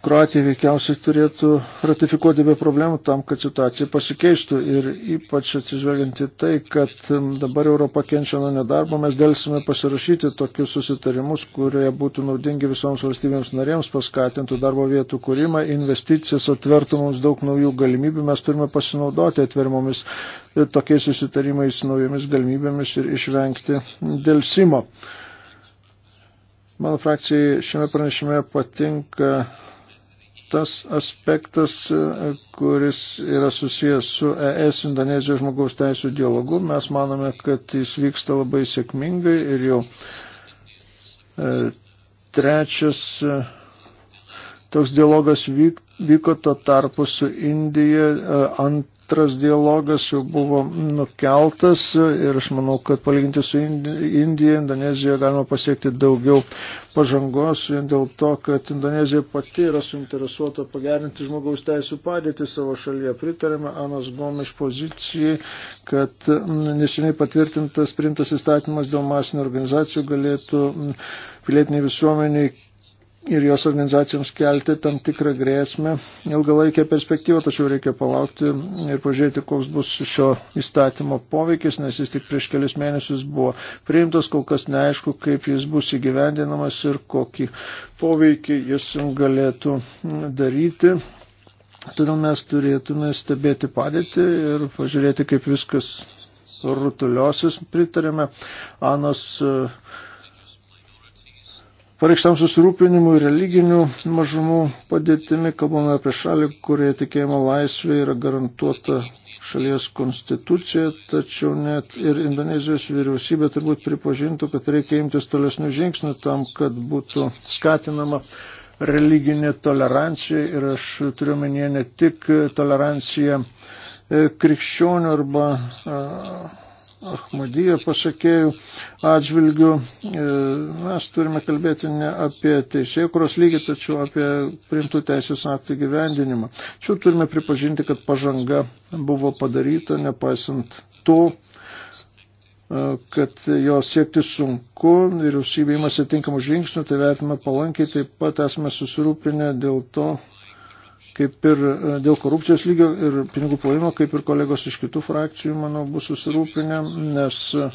Kroatija veikiausiai turėtų ratifikuoti be problemų tam, kad situacija pasikeistų ir ypač atsižvelgianti tai, kad dabar Europa kenčia nuo nedarbo, mes dėlsime pasirašyti tokius susitarimus, kurie būtų naudingi visoms valstybėms narėms, paskatintų darbo vietų kūrimą, investicijas atvertų mums daug naujų galimybių, mes turime pasinaudoti atvermomis e, tokiais susitarimais naujomis galimybėmis ir išvengti dėlsimo. Mano frakcijai šiame pranešime patinka tas aspektas, kuris yra susijęs su ES Indonezijos žmogaus teisų dialogu. Mes manome, kad jis vyksta labai sėkmingai ir jau e, trečias e, toks dialogas vyko to tarpu su Indija e, ant antras dialogas jau buvo nukeltas ir aš manau, kad palyginti su Indija, Indonezija galima pasiekti daugiau pažangos vien dėl to, kad Indonezija pati yra suinteresuota pagerinti žmogaus teisų padėtį savo šalyje. Pritarėme Anos Gomiš pozicijai, kad neseniai patvirtintas primtas įstatymas dėl masinių organizacijų galėtų pilietiniai visuomeniai ir jos organizacijoms kelti tam tikrą grėsmę ilgalaikę perspektyvą, tačiau reikia palaukti ir pažiūrėti, koks bus šio įstatymo poveikis, nes jis tik prieš kelius mėnesius buvo priimtas, kol kas neaišku, kaip jis bus įgyvendinamas ir kokį poveikį jis galėtų daryti. Todėl mes turėtume stebėti padėtį ir pažiūrėti, kaip viskas rutuliosis. Pritarėme Anos uh, pareikštam susirūpinimui religinių mažumų padėtimi, kalbame apie šalį, kurioje tikėjimo laisvė yra garantuota šalies konstitucija, tačiau net ir Indonezijos vyriausybė turbūt pripažintų, kad reikia imtis tolesnių žingsnių tam, kad būtų skatinama religinė tolerancija ir aš turiu menyje ne tik toleranciją e, krikščionių arba e, Ahmadijo pasakėjų atžvilgių. E, mes turime kalbėti ne apie teisėkuros lygį, tačiau apie priimtų teisės aktų gyvendinimą. Čia turime pripažinti, kad pažanga buvo padaryta, nepaisant to, e, kad jo siekti sunku, vyriausybė imasi tinkamų žingsnių, tai vertime palankiai, taip pat esame susirūpinę dėl to, kaip ir e, dėl korupcijos lygio ir pinigų plovimo, kaip ir kolegos iš kitų frakcijų, manau, bus susirūpinę, nes e,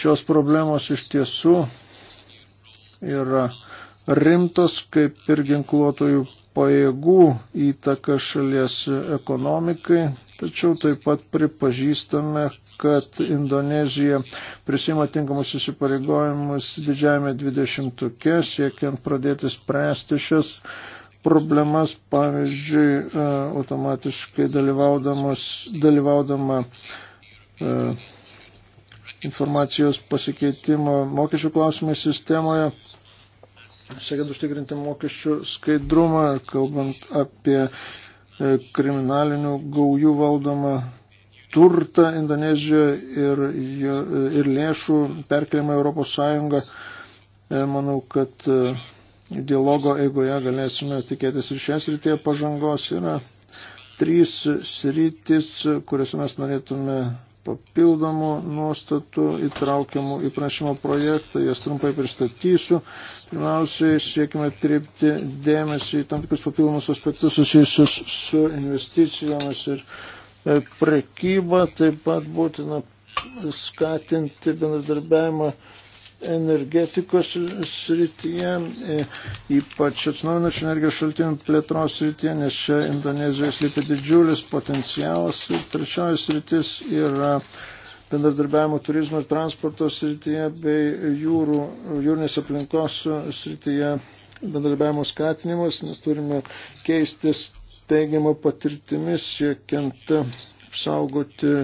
šios problemos iš tiesų yra rimtos, kaip ir ginkluotojų pajėgų įtaka šalies ekonomikai, tačiau taip pat pripažįstame, kad Indonezija prisima tinkamus įsipareigojimus didžiajame dvidešimtuke, siekiant pradėti spręsti šias problemas, pavyzdžiui, e, automatiškai dalyvaudama e, informacijos pasikeitimo mokesčių klausimai sistemoje, siekiant užtikrinti mokesčių skaidrumą, kalbant apie e, kriminalinių gaujų valdomą turtą Indonezijoje ir, ir lėšų perkelimą Europos Sąjungą. Manau, kad dialogo eigoje galėsime tikėtis ir šią srityje pažangos. Yra trys sritis, kuriuose mes norėtume papildomų nuostatų įtraukiamų į prašymo projektą, jas trumpai pristatysiu. Pirmiausiai siekime atkreipti dėmesį į tam tikrus papildomus aspektus susijusius su investicijomis ir e, prekyba, taip pat būtina skatinti bendradarbiavimą energetikos srityje, e, ypač atsinaujinančių energijos šaltinių plėtros srityje, nes čia Indonezijoje slypi didžiulis potencialas. Trečioji sritis yra bendradarbiavimo turizmo ir transporto srityje bei jūrų, jūrinės aplinkos srityje bendradarbiavimo skatinimas, nes turime keistis teigiamą patirtimį siekiant saugoti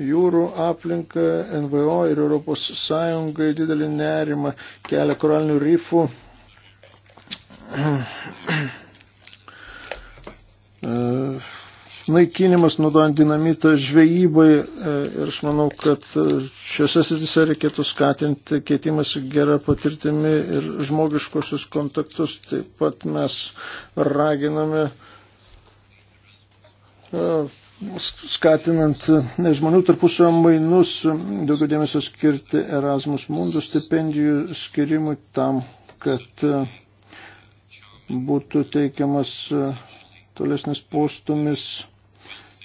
jūrų aplinką, NVO ir ES didelį nerimą kelia koralinių rifų naikinimas, naudojant dinamitą žvejybai e, ir aš manau, kad šiuose srityse reikėtų skatinti keitimas gerą patirtimi ir žmogiškosius kontaktus. Taip pat mes raginame e, skatinant žmonių tarpusavio mainus, daugiau dėmesio skirti Erasmus Mundus stipendijų skirimui tam, kad e, būtų teikiamas e, tolesnis postumis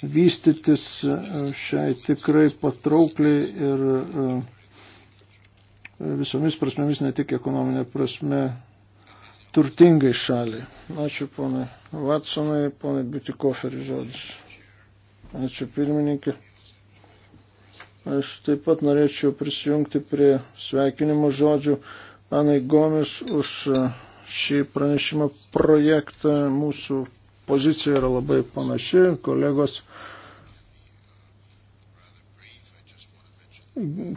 vystytis e, šiai tikrai patraukliai ir visomis prasmėmis, ne tik ekonominė prasme, turtingai šaliai. Ačiū ponai Vatsonai, ponai Biutikoferi žodis. Ačiū pirmininkė. Aš taip pat norėčiau prisijungti prie sveikinimo žodžių Anai Gomis už e, šį pranešimą projektą. Mūsų pozicija yra labai panaši. Kolegos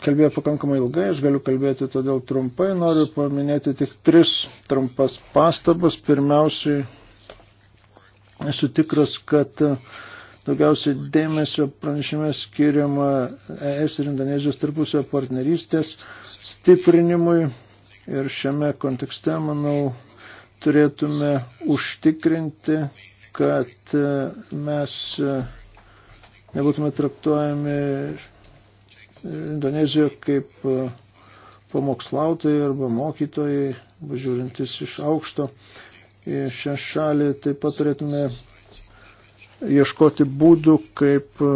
kalbėjo pakankamai ilgai, aš galiu kalbėti todėl trumpai. Noriu paminėti tik tris trumpas pastabas. Pirmiausiai esu tikras, kad uh, Daugiausiai dėmesio pranešime skiriama ES ir Indonezijos tarpusio partnerystės stiprinimui ir šiame kontekste, manau, turėtume užtikrinti, kad mes nebūtume traktuojami Indonezijoje kaip pamokslautojai arba mokytojai, važiuojantis iš aukšto į šią šalį, taip pat turėtume ieškoti būdų, kaip e,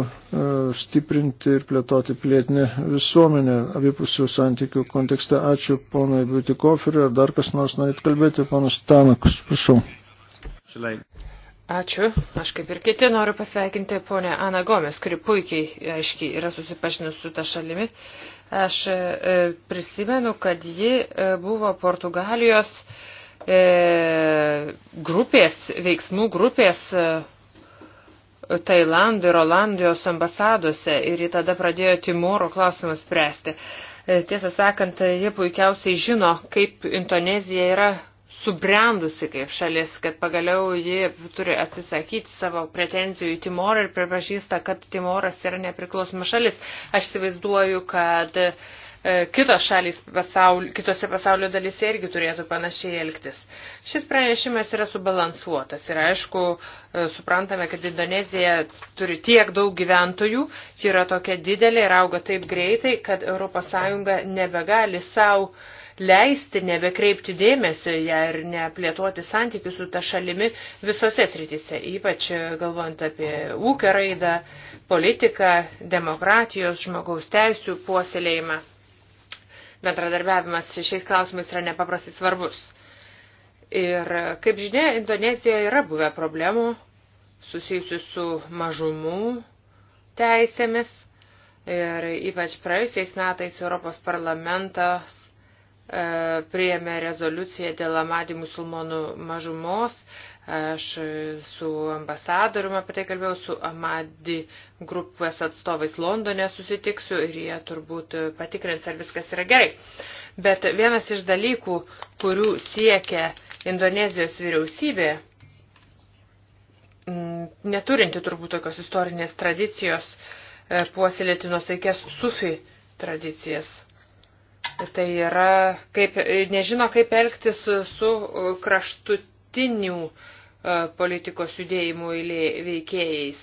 stiprinti ir plėtoti plėtinę visuomenę abipusių santykių kontekste. Ačiū ponai Biutikoferiu. Ar dar kas nors norėtų kalbėti, ponas Tanakas, prašau. Ačiū. Aš kaip ir kiti noriu pasveikinti ponę Aną Gomes, kuri puikiai, aiškiai, yra susipažinus su ta šalimi. Aš e, prisimenu, kad ji e, buvo Portugalijos grupės, veiksmų grupės Tailando ir Olandijos ambasadose ir ji tada pradėjo Timoro klausimus spręsti. E, tiesą sakant, jie puikiausiai žino, kaip Indonezija yra subrendusi kaip šalis, kad pagaliau ji turi atsisakyti savo pretenzijų į Timorą ir pripažįsta, kad Timoras yra nepriklausoma šalis. Aš įsivaizduoju, kad uh, E, kitos šalys pasaulio, kitose pasaulio dalyse irgi turėtų panašiai elgtis. Šis pranešimas yra subalansuotas ir aišku, e, suprantame, kad Indonezija turi tiek daug gyventojų, ji yra tokia didelė ir auga taip greitai, kad ES nebegali savo leisti nebekreipti dėmesio ją ir neplėtoti santykių su ta šalimi visose srityse, ypač e, galvojant apie ūkio raidą, politiką, demokratijos, žmogaus teisų puoselėjimą bendradarbiavimas šiais klausimais yra nepaprastai svarbus. Ir kaip žinia, Indonezijoje yra buvę problemų susijusių su mažumų teisėmis. Ir ypač praėjusiais metais Europos parlamentas e, priėmė rezoliuciją dėl amadį musulmonų mažumos. Aš su ambasadoriumi apie tai kalbėjau, su Amadi grupės atstovais Londone susitiksiu ir jie turbūt patikrins, ar viskas yra gerai. Bet vienas iš dalykų, kurių siekia Indonezijos vyriausybė, neturinti turbūt tokios istorinės tradicijos, e, puoselėti nusaikės sufi tradicijas. Tai yra, kaip, nežino, kaip elgtis su e, kraštutiniu uh, E, politikos judėjimų veikėjais.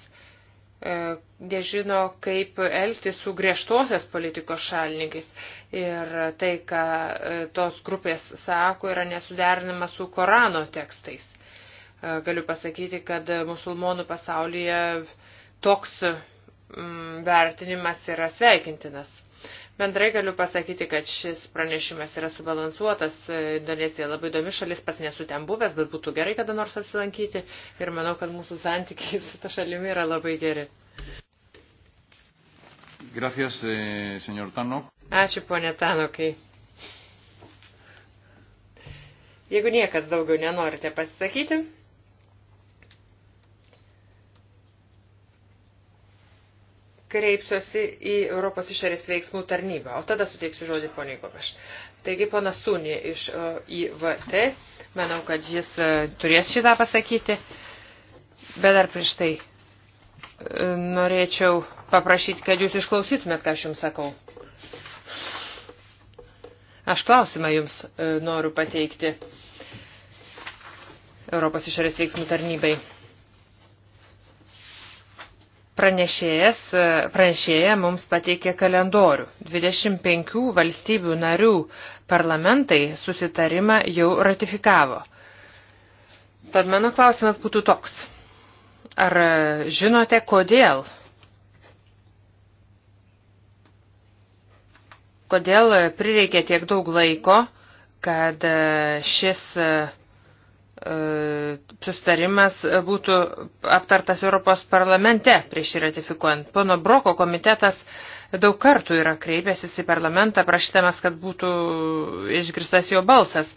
Nežino, kaip elgti su griežtosios politikos šalininkais. Ir tai, ką e, tos grupės sako, yra nesuderinama su Korano tekstais. E, galiu pasakyti, kad musulmonų pasaulyje toks mm, vertinimas yra sveikintinas. Bendrai galiu pasakyti, kad šis pranešimas yra subalansuotas. Indonezija labai įdomi šalis, pas nesu ten buvęs, bet būtų gerai kada nors apsilankyti. Ir manau, kad mūsų santykiai su ta šalimi yra labai geri. Gracias, eh, señor Tanok. Ačiū, ponė Tanokai. Jeigu niekas daugiau nenorite pasisakyti, kreipsiuosi į Europos išorės veiksmų tarnybą, o tada suteiksiu žodį poniai Kopeš. Taigi, pana Sūnė iš e, IVT, manau, kad jis e, turės šitą pasakyti, bet dar prieš tai e, norėčiau paprašyti, kad jūs išklausytumėt, ką aš jums sakau. Aš klausimą jums noriu pateikti Europos išorės veiksmų tarnybai pranešėjas, e, pranešėja mums pateikė kalendorių. 25 valstybių narių parlamentai susitarimą jau ratifikavo. Tad mano klausimas būtų toks. Ar žinote, kodėl? Kodėl prireikė tiek daug laiko, kad e, šis e, E, sustarimas būtų aptartas Europos parlamente prieš jį ratifikuojant. Pono Broko komitetas daug kartų yra kreipęsis į parlamentą, prašytamas, kad būtų išgirstas jo balsas,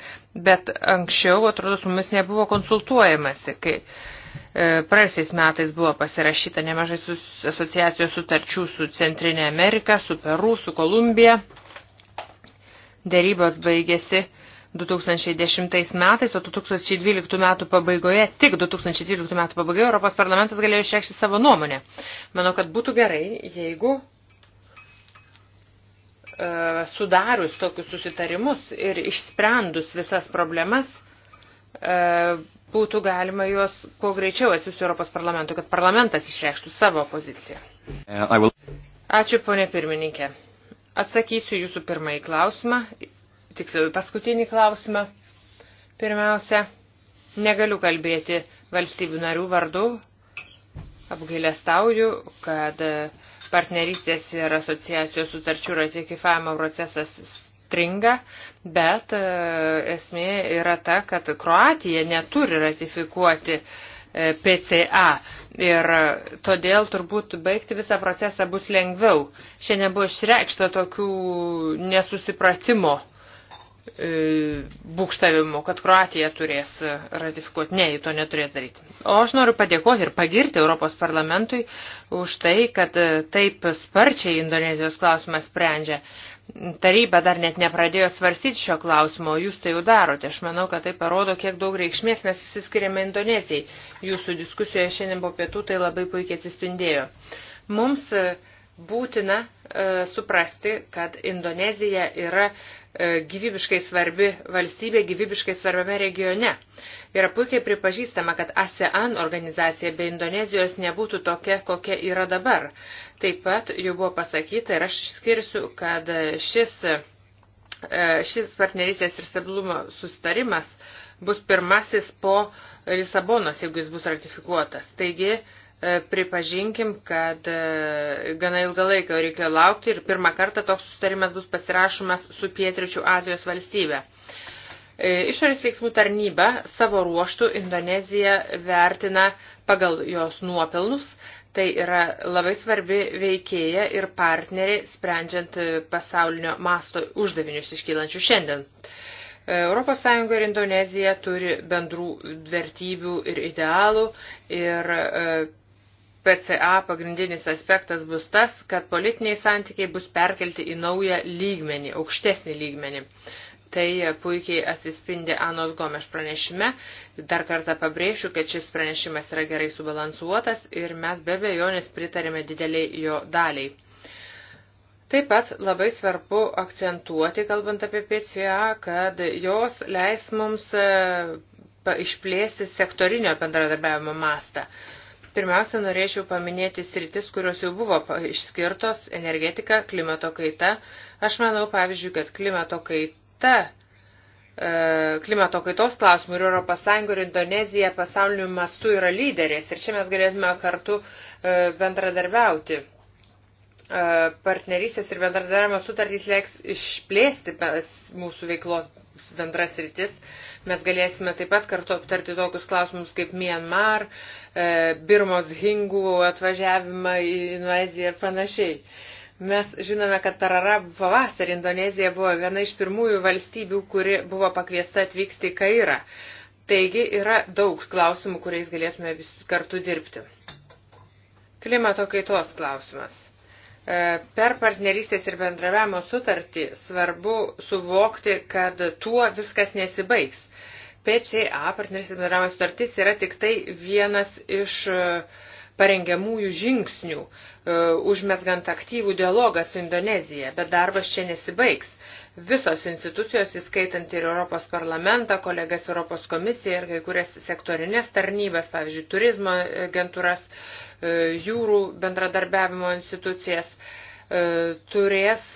bet anksčiau, atrodo, su mumis nebuvo konsultuojamasi, kai e, praėjusiais metais buvo pasirašyta nemažai asociacijos sutarčių su Centrinė Amerika, su Peru, su Kolumbija. Dėrybos baigėsi 2010 metais, o 2012 metų pabaigoje, tik 2012 metų pabaigoje Europos parlamentas galėjo išreikšti savo nuomonę. Manau, kad būtų gerai, jeigu e, sudarius tokius susitarimus ir išsprendus visas problemas, e, būtų galima juos kuo greičiau atsiųsti Europos parlamentui, kad parlamentas išreikštų savo poziciją. Uh, Ačiū, ponė pirmininkė. Atsakysiu jūsų pirmąjį klausimą tiksliau į paskutinį klausimą. Pirmiausia, negaliu kalbėti valstybių narių vardu. Apgailestauju, kad partnerystės ir asociacijos sutarčių ratifikavimo procesas stringa, bet e, esmė yra ta, kad Kroatija neturi ratifikuoti e, PCA ir todėl turbūt baigti visą procesą bus lengviau. Šiandien buvo išreikšta tokių nesusipratimo uh, E, būkštavimų, kad Kroatija turės ratifikuoti. Ne, jį to neturės daryti. O aš noriu padėkoti ir pagirti Europos parlamentui už tai, kad e, taip sparčiai Indonezijos klausimas sprendžia. Taryba dar net nepradėjo svarstyti šio klausimo, o jūs tai jau darote. Aš manau, kad tai parodo, kiek daug reikšmės mes susiskiriame Indonezijai. Jūsų diskusijoje šiandien po pietų tai labai puikiai atsispindėjo. Mums e, būtina e, suprasti, kad Indonezija yra E, gyvybiškai svarbi valstybė gyvybiškai svarbiame regione. Yra puikiai pripažįstama, kad ASEAN organizacija be Indonezijos nebūtų tokia, kokia yra dabar. Taip pat jau buvo pasakyta ir aš išskirsiu, kad šis, e, šis partnerystės ir stabilumo sustarimas bus pirmasis po Lisabonos, jeigu jis bus ratifikuotas. Taigi, E, pripažinkim, kad e, gana ilgą laiką reikėjo laukti ir pirmą kartą toks sustarimas bus pasirašomas su Pietričių Azijos valstybė. E, išorės veiksmų tarnyba savo ruoštų Indoneziją vertina pagal jos nuopelnus. Tai yra labai svarbi veikėja ir partnerė sprendžiant pasaulinio masto uždavinius iškylančių šiandien. ES ir Indonezija turi bendrų vertybių ir idealų ir PCA pagrindinis aspektas bus tas, kad politiniai santykiai bus perkelti į naują lygmenį, aukštesnį lygmenį. Tai puikiai atsispindi Anos Gomeš pranešime. Dar kartą pabrėšiu, kad šis pranešimas yra gerai subalansuotas ir mes be bejonės pritarėme dideliai jo daliai. Taip pat labai svarbu akcentuoti, kalbant apie PCA, kad jos leis mums e, išplėsti sektorinio bendradarbiavimo mastą. Pirmiausia, norėčiau paminėti sritis, kurios jau buvo išskirtos - energetika, klimato kaita. Aš manau, pavyzdžiui, kad klimato kaita e, klimato kaitos klausimų ir ES ir Indonezija pasauliniu mastu yra lyderės ir čia mes galėtume kartu e, bendradarbiauti. E, partnerystės ir bendradarbiavimo sutartys leiks išplėsti mūsų veiklos bendras rytis, mes galėsime taip pat kartu aptarti tokius klausimus kaip Myanmar, e, Birmos Hingų atvažiavimą į Indoneziją ir panašiai. Mes žinome, kad per arabų pavasarį Indonezija buvo viena iš pirmųjų valstybių, kuri buvo pakviesta atvykti į Kairą. Taigi yra daug klausimų, kuriais galėtume visi kartu dirbti. Klimato kaitos klausimas. E, per partnerystės ir bendravimo sutartį svarbu suvokti, kad tuo viskas nesibaigs. PCA partnerystės ir bendravimo sutartis yra tik tai vienas iš uh, parengiamųjų žingsnių, e, užmesgant aktyvų dialogą su Indonezija, bet darbas čia nesibaigs. Visos institucijos, įskaitant ir Europos parlamentą, kolegas Europos komisiją ir kai kurias sektorinės tarnybas, pavyzdžiui, turizmo agentūras, e, jūrų bendradarbiavimo institucijas, e, turės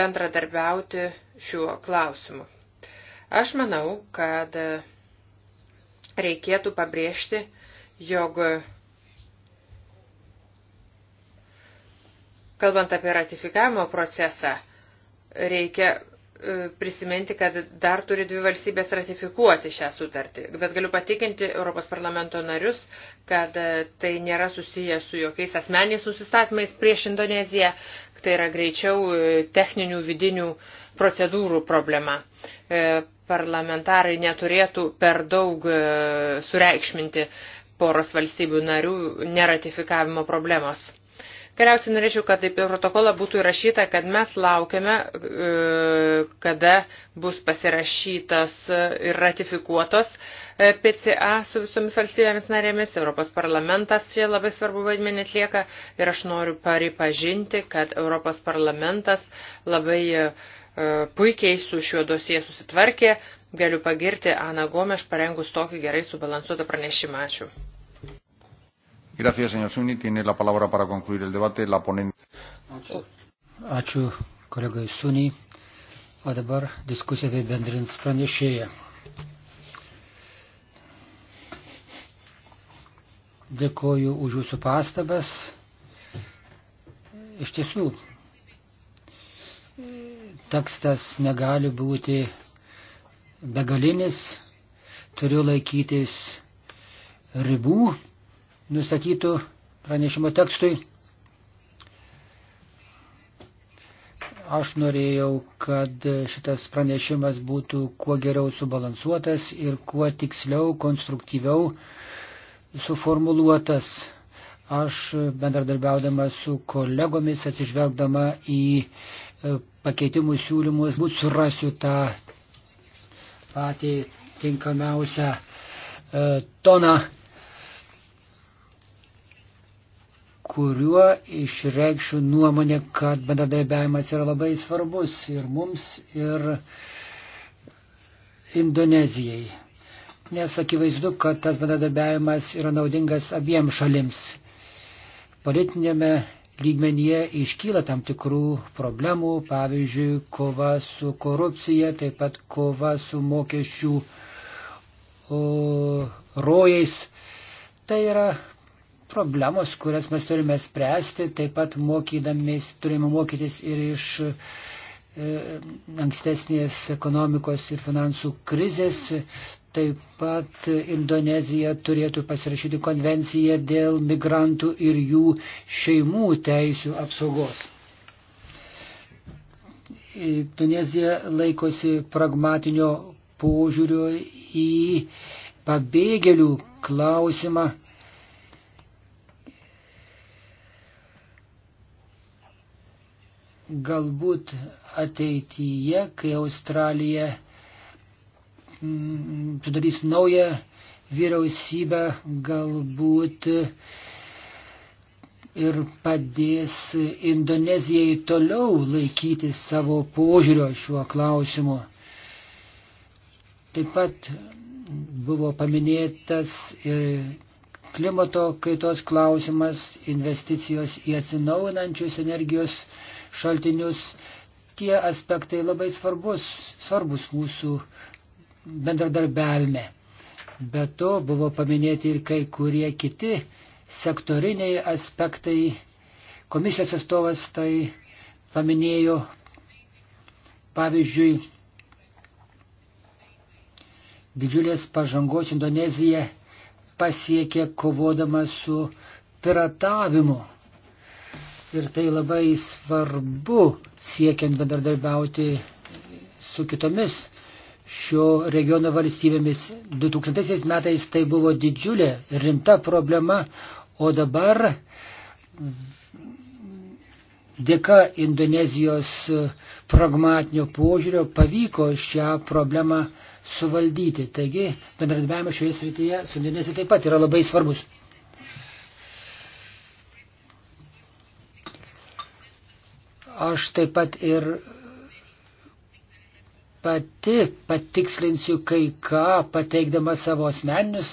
bendradarbiauti šiuo klausimu. Aš manau, kad reikėtų pabrėžti, jog Kalbant apie ratifikavimo procesą, reikia e, prisiminti, kad dar turi dvi valstybės ratifikuoti šią sutartį. Bet galiu patikinti Europos parlamento narius, kad e, tai nėra susiję su jokiais asmeniais nusistatymais prieš Indoneziją. Tai yra greičiau e, techninių vidinių procedūrų problema. Parlamentarai neturėtų per daug sureikšminti poros valstybių narių neratifikavimo problemos. Galiausiai norėčiau, kad taip ir protokolą būtų įrašyta, kad mes laukiame, e, kada bus pasirašytas ir ratifikuotos e, PCA su visomis valstybėmis narėmis. Europos parlamentas čia labai svarbu vaidmenį atlieka ir aš noriu paripažinti, kad Europos parlamentas labai e, puikiai su šiuo dosie susitvarkė. Galiu pagirti Aną Gomeš parengus tokį gerai subalansuotą pranešimą. Ačiū. Gracias, señor Suni. Tiene la palabra para concluir el debate la ponente. Ačiū, Ačiū kolegai Suni. O dabar diskusiją apibendrins pranešėja. Dėkoju už jūsų pastabas. Iš tiesų, tekstas negali būti begalinis, turiu laikytis ribų nustatytų pranešimo tekstui. Aš norėjau, kad šitas pranešimas būtų kuo geriau subalansuotas ir kuo tiksliau, konstruktyviau suformuluotas. Aš bendradarbiaudama su kolegomis, atsižvelgdama į e, pakeitimų siūlymus, būt surasiu tą patį tinkamiausią e, toną kuriuo išreikšiu nuomonę, kad bendradarbiavimas yra labai svarbus ir mums, ir Indonezijai. Nes akivaizdu, kad tas bendradarbiavimas yra naudingas abiem šalims. Politinėme lygmenyje iškyla tam tikrų problemų, pavyzdžiui, kova su korupcija, taip pat kova su mokesčių o, rojais. Tai yra problemos, kurias mes turime spręsti, taip pat mokydamės turime mokytis ir iš e, ankstesnės ekonomikos ir finansų krizės. Taip pat Indonezija turėtų pasirašyti konvenciją dėl migrantų ir jų šeimų teisių apsaugos. Indonezija laikosi pragmatinio požiūrio į pabėgėlių klausimą galbūt ateityje, kai Australija sudarys mm, naują vyriausybę, galbūt ir padės Indonezijai toliau laikyti savo požiūrio šiuo klausimu. Taip pat buvo paminėtas ir klimato kaitos klausimas, investicijos į atsinaujinančius energijos uh, šaltinius. Tie aspektai labai svarbus, svarbus mūsų bendradarbiavime. Be to buvo paminėti ir kai kurie kiti sektoriniai aspektai. Komisijos atstovas tai paminėjo, pavyzdžiui, didžiulės pažangos Indonezija pasiekė kovodama su piratavimu. Ir tai labai svarbu siekiant bendradarbiauti su kitomis šio regiono valstybėmis. 2000 metais tai buvo didžiulė rimta problema, o dabar dėka Indonezijos pragmatinio požiūrio pavyko šią problemą suvaldyti. Taigi bendradarbiavimas šioje srityje su Indonezija taip pat yra labai svarbus. Aš taip pat ir pati patikslinsiu kai ką, pateikdama savo asmeninius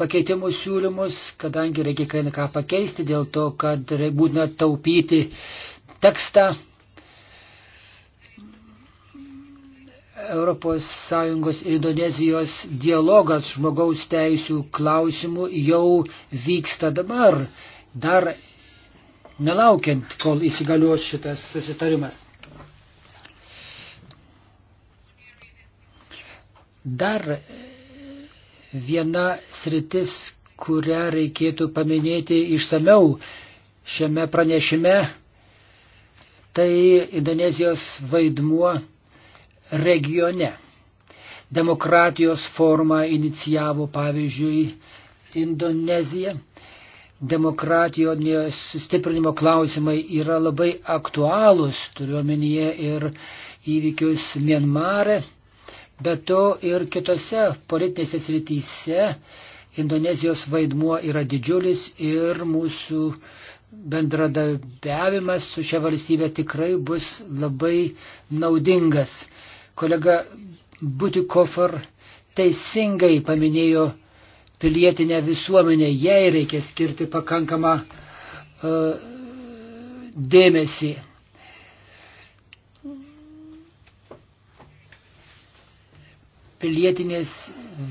pakeitimų siūlymus, kadangi reikia kai ką pakeisti dėl to, kad būtina taupyti tekstą. ES ir Indonezijos dialogas žmogaus teisų klausimų jau vyksta dabar. Dar nelaukiant, kol įsigaliuos šitas susitarimas. Dar viena sritis, kurią reikėtų paminėti išsameu šiame pranešime, tai Indonezijos vaidmuo regione. Demokratijos formą inicijavo pavyzdžiui Indonezija demokratijos stiprinimo klausimai yra labai aktualūs, turiuomenyje ir įvykius Mienmare, bet to ir kitose politinėse srityse Indonezijos vaidmuo yra didžiulis ir mūsų bendradarbiavimas su šia valstybė tikrai bus labai naudingas. Kolega Butikofer teisingai paminėjo pilietinę visuomenę, jai reikia skirti pakankamą uh, dėmesį. Pilietinės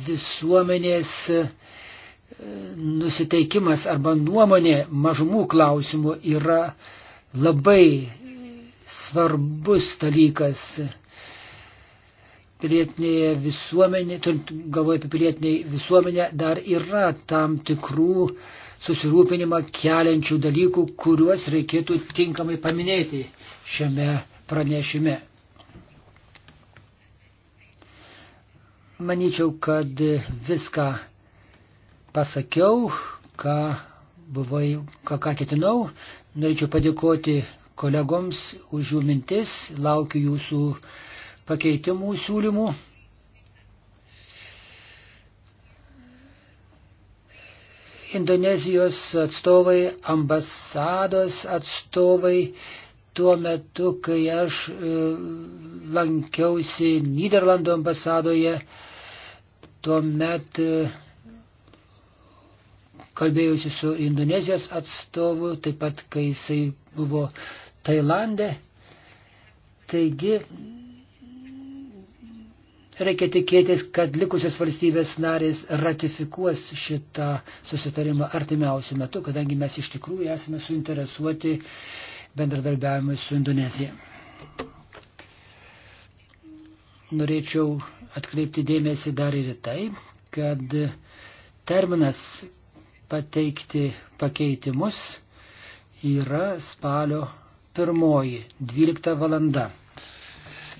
visuomenės e, nusiteikimas arba nuomonė mažumų klausimų yra labai svarbus dalykas pilietinėje visuomenėje, turint galvoje apie pilietinį visuomenę, dar yra tam tikrų susirūpinimą keliančių dalykų, kuriuos reikėtų tinkamai paminėti šiame pranešime. Manyčiau, kad viską pasakiau, ką buvai, ką, ką ketinau. Norėčiau padėkoti kolegoms už jų mintis, laukiu jūsų pakeitimų siūlymų. Indonezijos atstovai, ambasados atstovai, tuo metu, kai aš e, lankiausi Niderlandų ambasadoje, tuomet e, kalbėjusi su Indonezijos atstovu, taip pat kai jisai buvo Tailandė. Taigi Reikia tikėtis, kad likusios valstybės narės ratifikuos šitą susitarimą artimiausių metų, kadangi mes iš tikrųjų esame suinteresuoti bendradarbiavimui su Indonezija. Norėčiau atkreipti dėmesį dar ir tai, kad terminas pateikti pakeitimus yra spalio pirmoji, 12 valanda.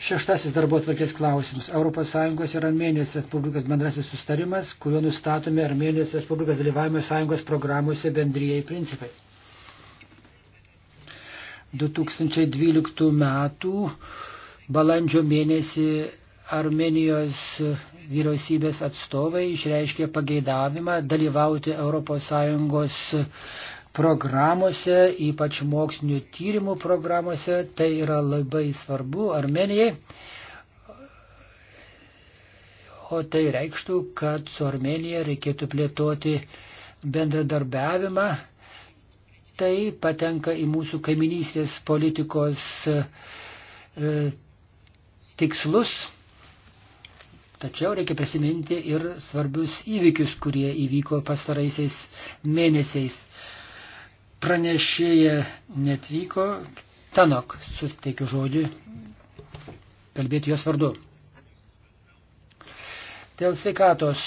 Šeštasis darbo atvarkės klausimas. ES ir Armenijos Respublikos bendrasis sustarimas, kuriuo nustatomi Armenijos Respublikos dalyvavimo sąjungos programuose bendrieji principai. 2012 metų balandžio mėnesį Armenijos vyriausybės atstovai išreiškė pageidavimą dalyvauti ES programuose, ypač mokslinio tyrimų programuose, tai yra labai svarbu Armenijai. O tai reikštų, kad su Armenija reikėtų plėtoti bendradarbiavimą. Tai patenka į mūsų kaiminystės politikos e, tikslus. Tačiau reikia prisiminti ir svarbius įvykius, kurie įvyko pastaraisiais mėnesiais pranešėja netvyko. Tanok, suteikiu žodį kalbėti jos vardu. Dėl sveikatos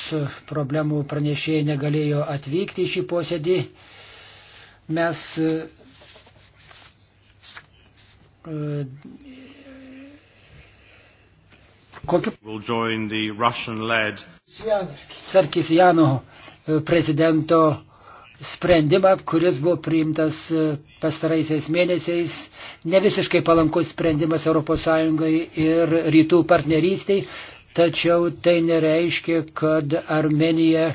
problemų pranešėjai negalėjo atvykti į šį posėdį. Mes e, kokiu Sarkisjano e, prezidento sprendimą, kuris buvo priimtas e, pastaraisiais mėnesiais, ne visiškai palankus sprendimas ES ir rytų partnerystiai, tačiau tai nereiškia, kad Armenija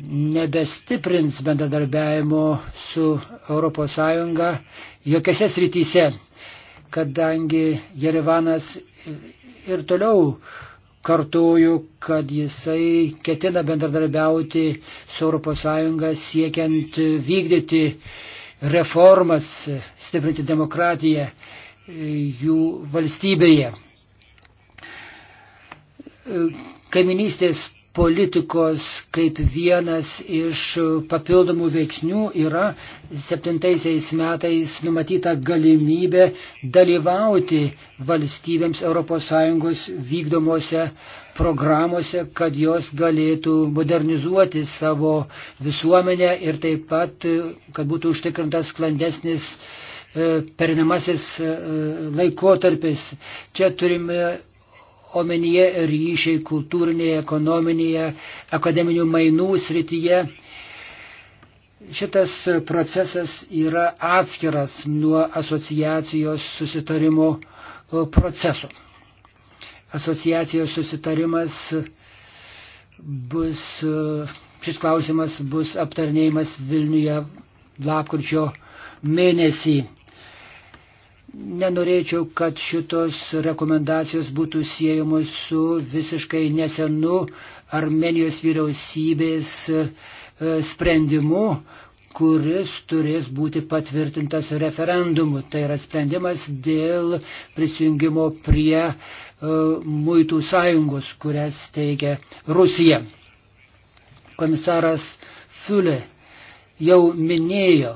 nebestiprins bendradarbiajimo su ES jokiose srityse, kadangi Jerevanas ir toliau uh, kartoju, kad jisai ketina bendradarbiauti su ES siekiant vykdyti reformas, stiprinti demokratiją e, jų valstybėje. E, kaiminystės politikos kaip vienas iš papildomų veiksnių yra septintaisiais metais numatyta galimybė dalyvauti valstybėms ES vykdomose programuose, kad jos galėtų modernizuoti savo visuomenę ir taip pat, kad būtų užtikrintas sklandesnis e, perinamasis e, laikotarpis. Čia turime omenyje ryšiai kultūrinėje, ekonominėje, akademinių mainų srityje. Šitas procesas yra atskiras nuo asociacijos susitarimo proceso. Asociacijos susitarimas bus, šis klausimas bus aptarnėjimas Vilniuje lapkričio mėnesį. Nenorėčiau, kad šitos rekomendacijos būtų siejamos su visiškai nesenu Armenijos vyriausybės e, sprendimu, kuris turės būti patvirtintas referendumu. Tai yra sprendimas dėl prisijungimo prie uh, muitų sąjungos, kurias teigia Rusija. Komisaras Fiulė jau minėjo,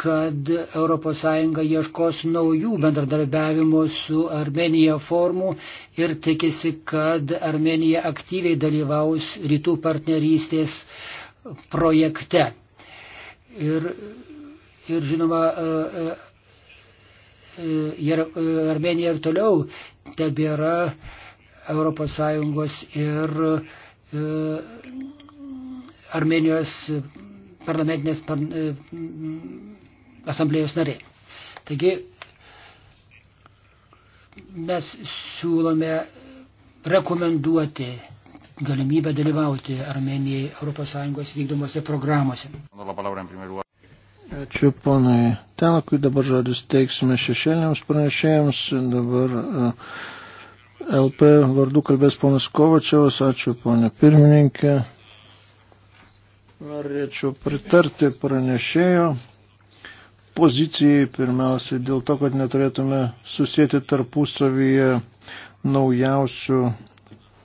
kad ES ieškos naujų bendradarbiavimo su Armenija formų ir tikisi, kad Armenija aktyviai dalyvaus rytų partnerystės projekte. Ir, ir žinoma, e, e, ir e, Armenija ir toliau tebėra ES ir Armenijos parlamentinės asamblėjos nariai. Taigi mes siūlome rekomenduoti galimybę dalyvauti Armenijai ES vykdomose programuose. Ačiū ponui Telkui, dabar žodis teiksime šešėliams pranešėjams, dabar e, LP vardu kalbės ponas Kovačiavas, ačiū ponė pirmininkė. Norėčiau pritarti pranešėjo pozicijai, pirmiausiai dėl to, kad neturėtume susėti tarpusavyje naujausių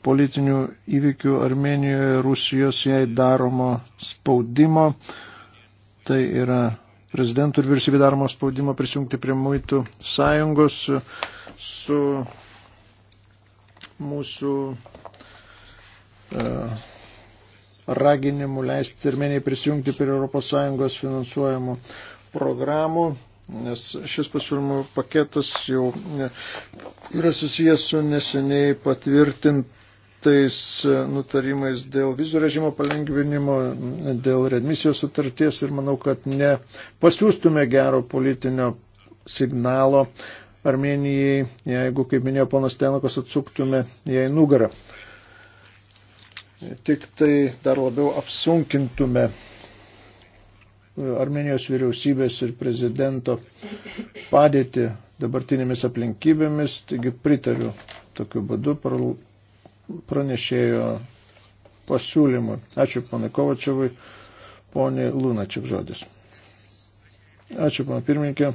politinių įvykių Armenijoje, Rusijos jai daromo spaudimo, tai yra prezidentų ir vyriausybė daromo spaudimo prisijungti prie muitų sąjungos su mūsų uh, raginimu leisti Armenijai prisijungti prie ES finansuojamų programų, nes šis pasiūlymų paketas jau yra susijęs su neseniai patvirtintais nutarimais dėl vizų režimo palengvinimo, dėl redmisijos sutarties ir manau, kad ne pasiūstume gero politinio signalo Armenijai, jeigu, kaip minėjo ponas Tenokas, atsuktume jai nugarą. Tik tai dar labiau apsunkintume Armenijos vyriausybės ir prezidento padėti dabartinėmis aplinkybėmis, taigi pritariu tokiu būdu pranešėjo pasiūlymui. Ačiū pana Kovačiavui, ponė Lunačiuk žodis. Ačiū pana pirmininkė.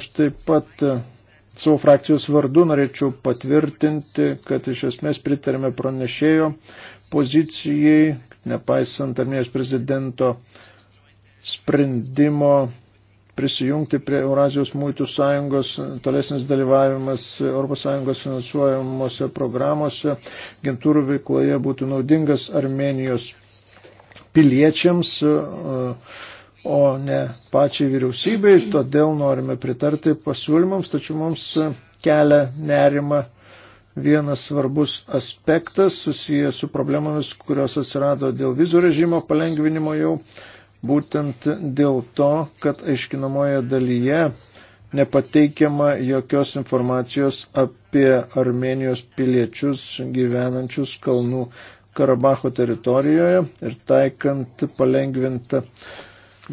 Aš taip pat e, savo frakcijos vardu norėčiau patvirtinti, kad iš esmės pritarėme pranešėjo pozicijai, nepaisant Armijos prezidento sprendimo prisijungti prie Eurazijos mūtų sąjungos, tolesnis dalyvavimas ES finansuojamuose programuose, agentūrų veikloje būtų naudingas Armenijos piliečiams, o ne pačiai vyriausybei, todėl norime pritarti pasiūlymams, tačiau mums kelia nerima vienas svarbus aspektas susijęs su problemomis, kurios atsirado dėl vizų režimo palengvinimo jau, būtent dėl to, kad aiškinamoje dalyje nepateikiama jokios informacijos apie Armenijos piliečius gyvenančius Kalnų Karabacho teritorijoje ir taikant palengvintą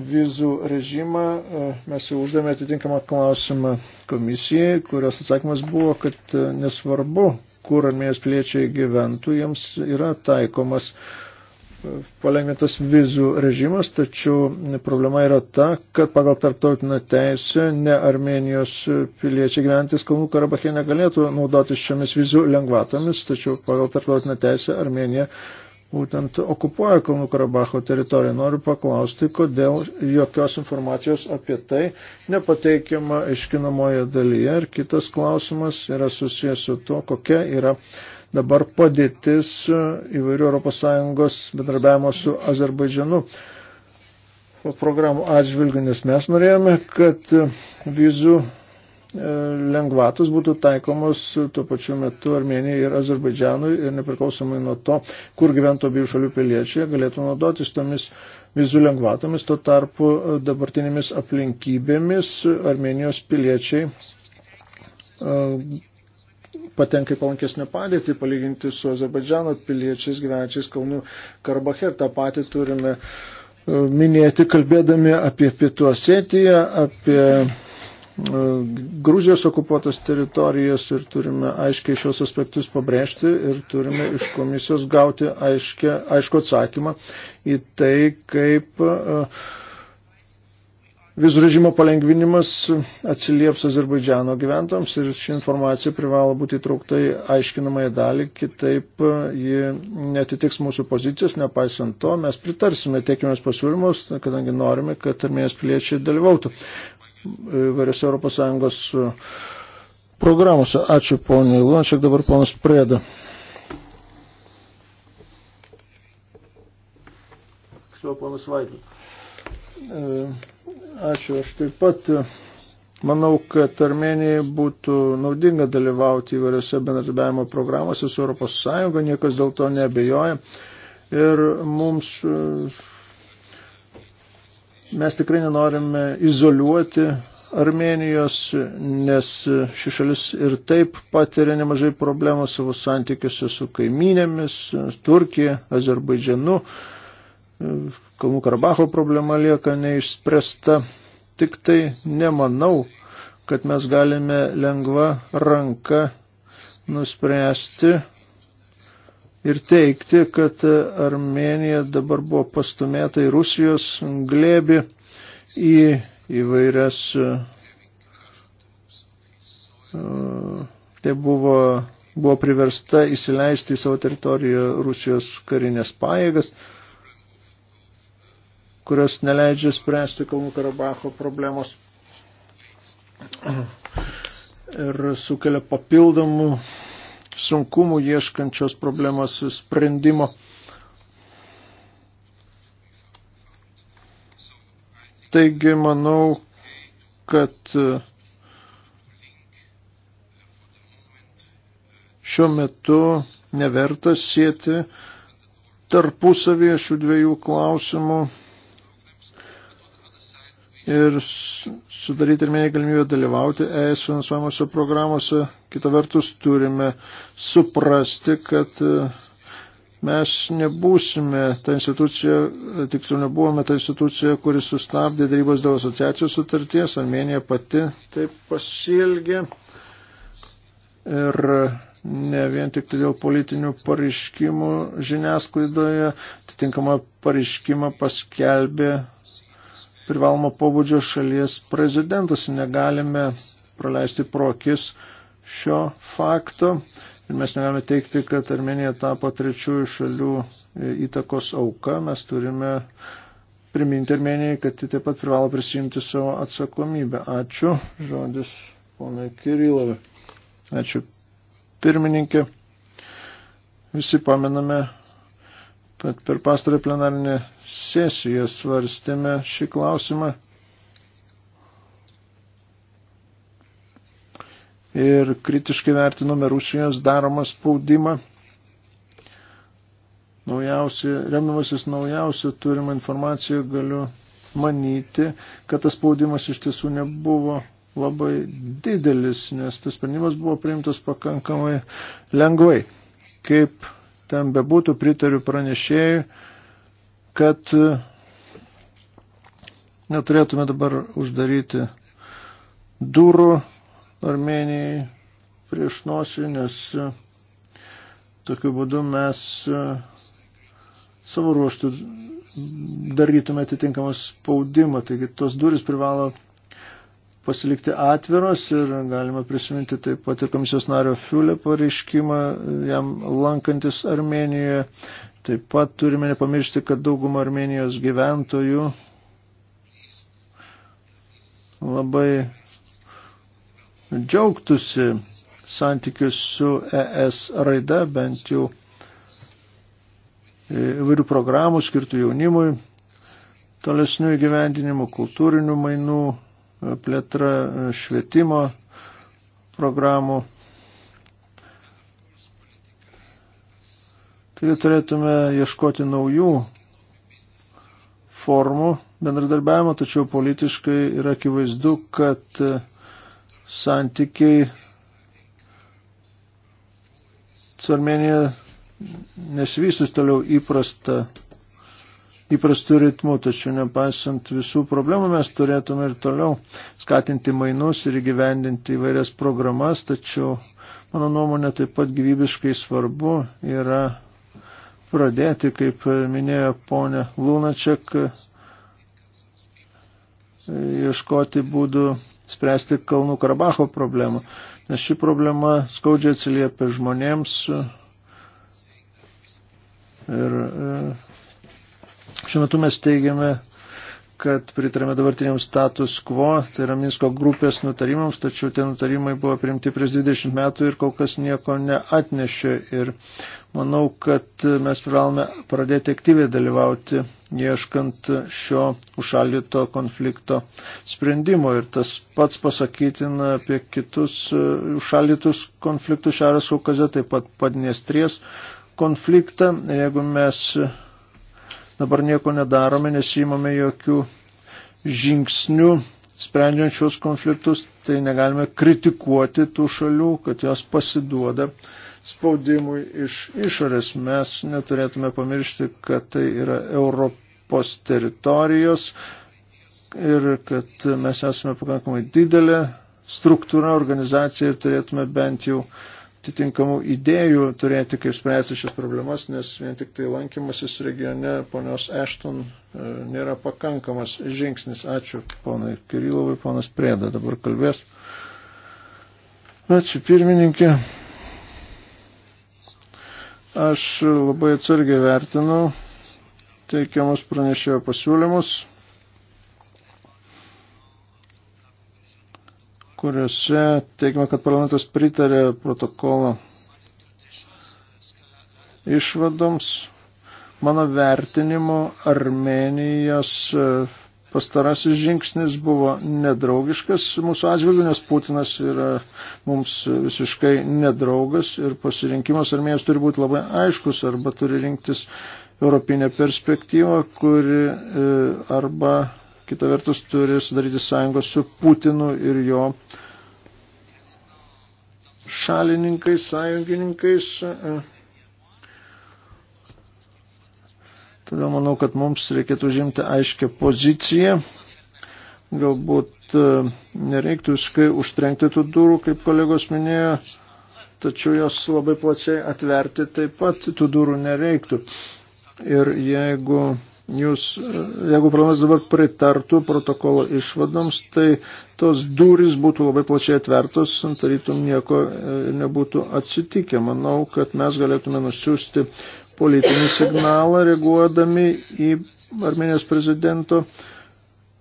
vizų režimą, e, mes jau uždavėme atitinkamą klausimą komisijai, kurios atsakymas buvo, kad e, nesvarbu, kur armėjos piliečiai gyventų, jiems yra taikomas e, palengvintas vizų režimas, tačiau problema yra ta, kad pagal tarptautinę teisę ne Armenijos piliečiai gyventis Kalnų Karabachė negalėtų naudotis šiomis vizų lengvatomis, tačiau pagal tarptautinę teisę Armenija būtent okupuoja Kalnų Karabacho teritoriją. Noriu paklausti, kodėl jokios informacijos apie tai nepateikiama iškinamoje dalyje. Ir kitas klausimas yra susijęs su to, kokia yra dabar padėtis įvairių ES bendrabiavimo su Azerbaidžianu programų atžvilgių, nes mes norėjome, kad vizų E, lengvatos būtų taikomos tuo pačiu metu Armenijai ir Azerbaidžianui ir nepriklausomai nuo to, kur gyventų abiejų šalių piliečiai, galėtų naudotis tomis vizų lengvatomis, tuo tarpu dabartinėmis aplinkybėmis Armenijos piliečiai e, patenka į palankesnę padėtį palyginti su Azerbaidžiano piliečiais gyvenčiais Kalnų Karabache ir tą patį turime e, minėti, kalbėdami apie Pietų Osetiją, apie Gruzijos okupuotas teritorijas ir turime aiškiai šios aspektus pabrėžti ir turime iš komisijos gauti aiškia, aišku atsakymą į tai, kaip e, vizų režimo palengvinimas atsilieps Azerbaidžiano gyventojams ir ši informacija privalo būti įtraukta į aiškinamąją dalį, kitaip e, ji netitiks mūsų pozicijos, nepaisant to mes pritarsime tiekiamės pasiūlymus, kadangi norime, kad armėjos piliečiai dalyvautų įvairiose ES e, programose. Ačiū poniai Lunačiak, dabar ponas Prėda. Tiksliau, ponas Vaidė. E, ačiū, aš taip pat e, manau, kad Armenijai būtų naudinga dalyvauti įvairiose bendradarbiavimo programose su ES, niekas dėl to nebejoja. Ir mums Mes tikrai nenorime izoliuoti Armenijos, nes ši šalis ir taip patiria nemažai problemų savo santykiuose su kaiminėmis, Turkija, Azerbaidžianu. Kalnų Karabacho problema lieka neišspręsta. Tik tai nemanau, kad mes galime lengva ranka nuspręsti ir teikti, kad Armenija dabar buvo pastumėta į Rusijos glėbi į įvairias. Tai buvo, buvo priversta įsileisti į savo teritoriją Rusijos karinės pajėgas, kurios neleidžia spręsti Kalnų Karabacho problemos ir sukelia papildomų sunkumų ieškančios problemos sprendimo. Taigi manau, kad šiuo metu neverta sėti tarpusavyje šių dviejų klausimų ir sudaryti ir mėgiai galimybę dalyvauti ES finansuojamosios programuose. Kita vertus, turime suprasti, kad e, mes nebūsime ta institucija, e, tiksliau nebuvome ta institucija, kuri sustabdė darybos dėl asociacijos sutarties, Armenija pati taip pasielgė. Ir ne vien tik dėl politinių pareiškimų žiniasklaidoje, atitinkamą pareiškimą paskelbė privalomo pobūdžio šalies prezidentas. Negalime praleisti prokis šio fakto ir mes negalime teikti, kad Armenija tapo trečiųjų šalių e, įtakos auka. Mes turime priminti Armenijai, kad ji taip pat privalo prisimti savo atsakomybę. Ačiū. Žodis ponai Kirilovai. Ačiū pirmininkė. Visi pamename Pat per pastarą plenarinę sesiją svarstėme šį klausimą. Ir kritiškai vertinome Rusijos daromą spaudimą. Naujausi, remdamasis naujausią turimą informaciją galiu manyti, kad tas spaudimas iš tiesų nebuvo labai didelis, nes tas sprendimas buvo priimtas pakankamai lengvai. Kaip ten bebūtų pritariu pranešėjui, kad e, neturėtume dabar uždaryti durų Armenijai prieš nosį, nes e, tokiu būdu mes e, savo ruoštų darytume atitinkamą spaudimą. Taigi tos duris privalo pasilikti atviros ir galima prisiminti taip pat ir komisijos nario Fiulė pareiškimą jam lankantis Armenijoje. Taip pat turime nepamiršti, kad dauguma Armenijos gyventojų labai džiaugtųsi santykius su ES raida, bent jau įvairių programų skirtų jaunimui, tolesnių įgyvendinimų, kultūrinių mainų, plėtra, švietimo programų. Taigi turėtume ieškoti naujų formų bendradarbiavimo, tačiau politiškai yra akivaizdu, kad santykiai su Armenija nesvysus toliau įprasta įprastų ritmų, tačiau nepaisant visų problemų mes turėtume ir toliau skatinti mainus ir įgyvendinti įvairias programas, tačiau mano nuomonė taip pat gyvybiškai svarbu yra pradėti, kaip minėjo ponė Lunačiak, ieškoti būdų spręsti Kalnų Karabacho problemą, nes ši problema skaudžiai atsiliepia žmonėms ir Šiuo metu mes teigiame, kad pritarėme dabartiniam status quo, tai yra Minsko grupės nutarimams, tačiau tie nutarimai buvo priimti prieš 20 metų ir kol kas nieko neatnešė. Ir manau, kad mes privalome pradėti aktyviai dalyvauti, ieškant šio užšaldyto konflikto sprendimo. Ir tas pats pasakytina apie kitus užšaldytus konfliktus Šiaurės Kaukaze, taip pat Padniestrės konfliktą. Ir jeigu mes dabar nieko nedarome, nesimame jokių žingsnių sprendžiant šios konfliktus, tai negalime kritikuoti tų šalių, kad jos pasiduoda spaudimui iš išorės. Mes neturėtume pamiršti, kad tai yra Europos teritorijos ir kad mes esame pakankamai didelė struktūra, organizacija ir turėtume bent jau uh, atitinkamų idėjų turėti, kaip spręsti šias problemas, nes vien tik tai lankymasis regione ponios Ešton e, nėra pakankamas žingsnis. Ačiū ponai Kirilovai, ponas Prėda dabar kalbės. Ačiū pirmininkė. Aš labai atsargiai vertinu teikiamus pranešėjo pasiūlymus. kuriuose teigiama, kad parlamentas pritarė protokolo išvadoms. Mano vertinimu, Armenijos e, pastarasis žingsnis buvo nedraugiškas mūsų atžvilgiu, nes Putinas yra mums visiškai nedraugas ir pasirinkimas Armenijos turi būti labai aiškus arba turi rinktis europinę perspektyvą, kuri e, arba kita vertus turi sudaryti sąjungą su Putinu ir jo šalininkais, sąjungininkais. Todėl manau, kad mums reikėtų žimti aiškę poziciją. Galbūt e, nereiktų visiškai užtrenkti tų durų, kaip kolegos minėjo, tačiau jos labai plačiai atverti taip pat tų durų nereiktų. Ir jeigu jūs, e, jeigu planas dabar pritartų protokolo išvadoms, tai tos durys būtų labai plačiai atvertos, tarytum nieko e, nebūtų atsitikę. Manau, kad mes galėtume nusiųsti politinį signalą, reaguodami į Armenijos prezidento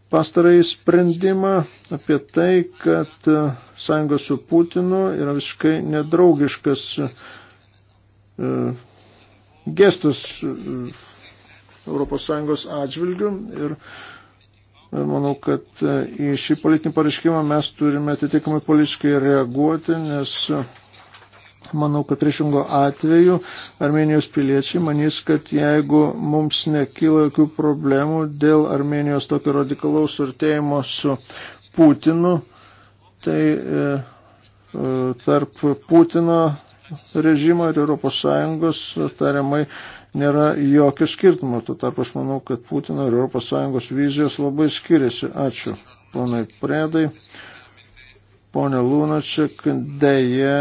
pastarąjį sprendimą apie tai, kad e, sąjunga su Putinu yra visiškai nedraugiškas gestas ES atžvilgių ir manau, kad e, į šį politinį pareiškimą mes turime atitinkamai politiškai reaguoti, nes e, manau, kad priešingo atveju Armenijos piliečiai manys, kad jeigu mums nekyla jokių problemų dėl Armenijos tokio radikalaus surtėjimo su Putinu, tai e, e, tarp Putino režimo ir ES tariamai nėra jokio skirtumo. Tuo tarpu aš manau, kad Putino ir ES vizijos labai skiriasi. Ačiū, ponai Predai. Pone Lunačiak, dėje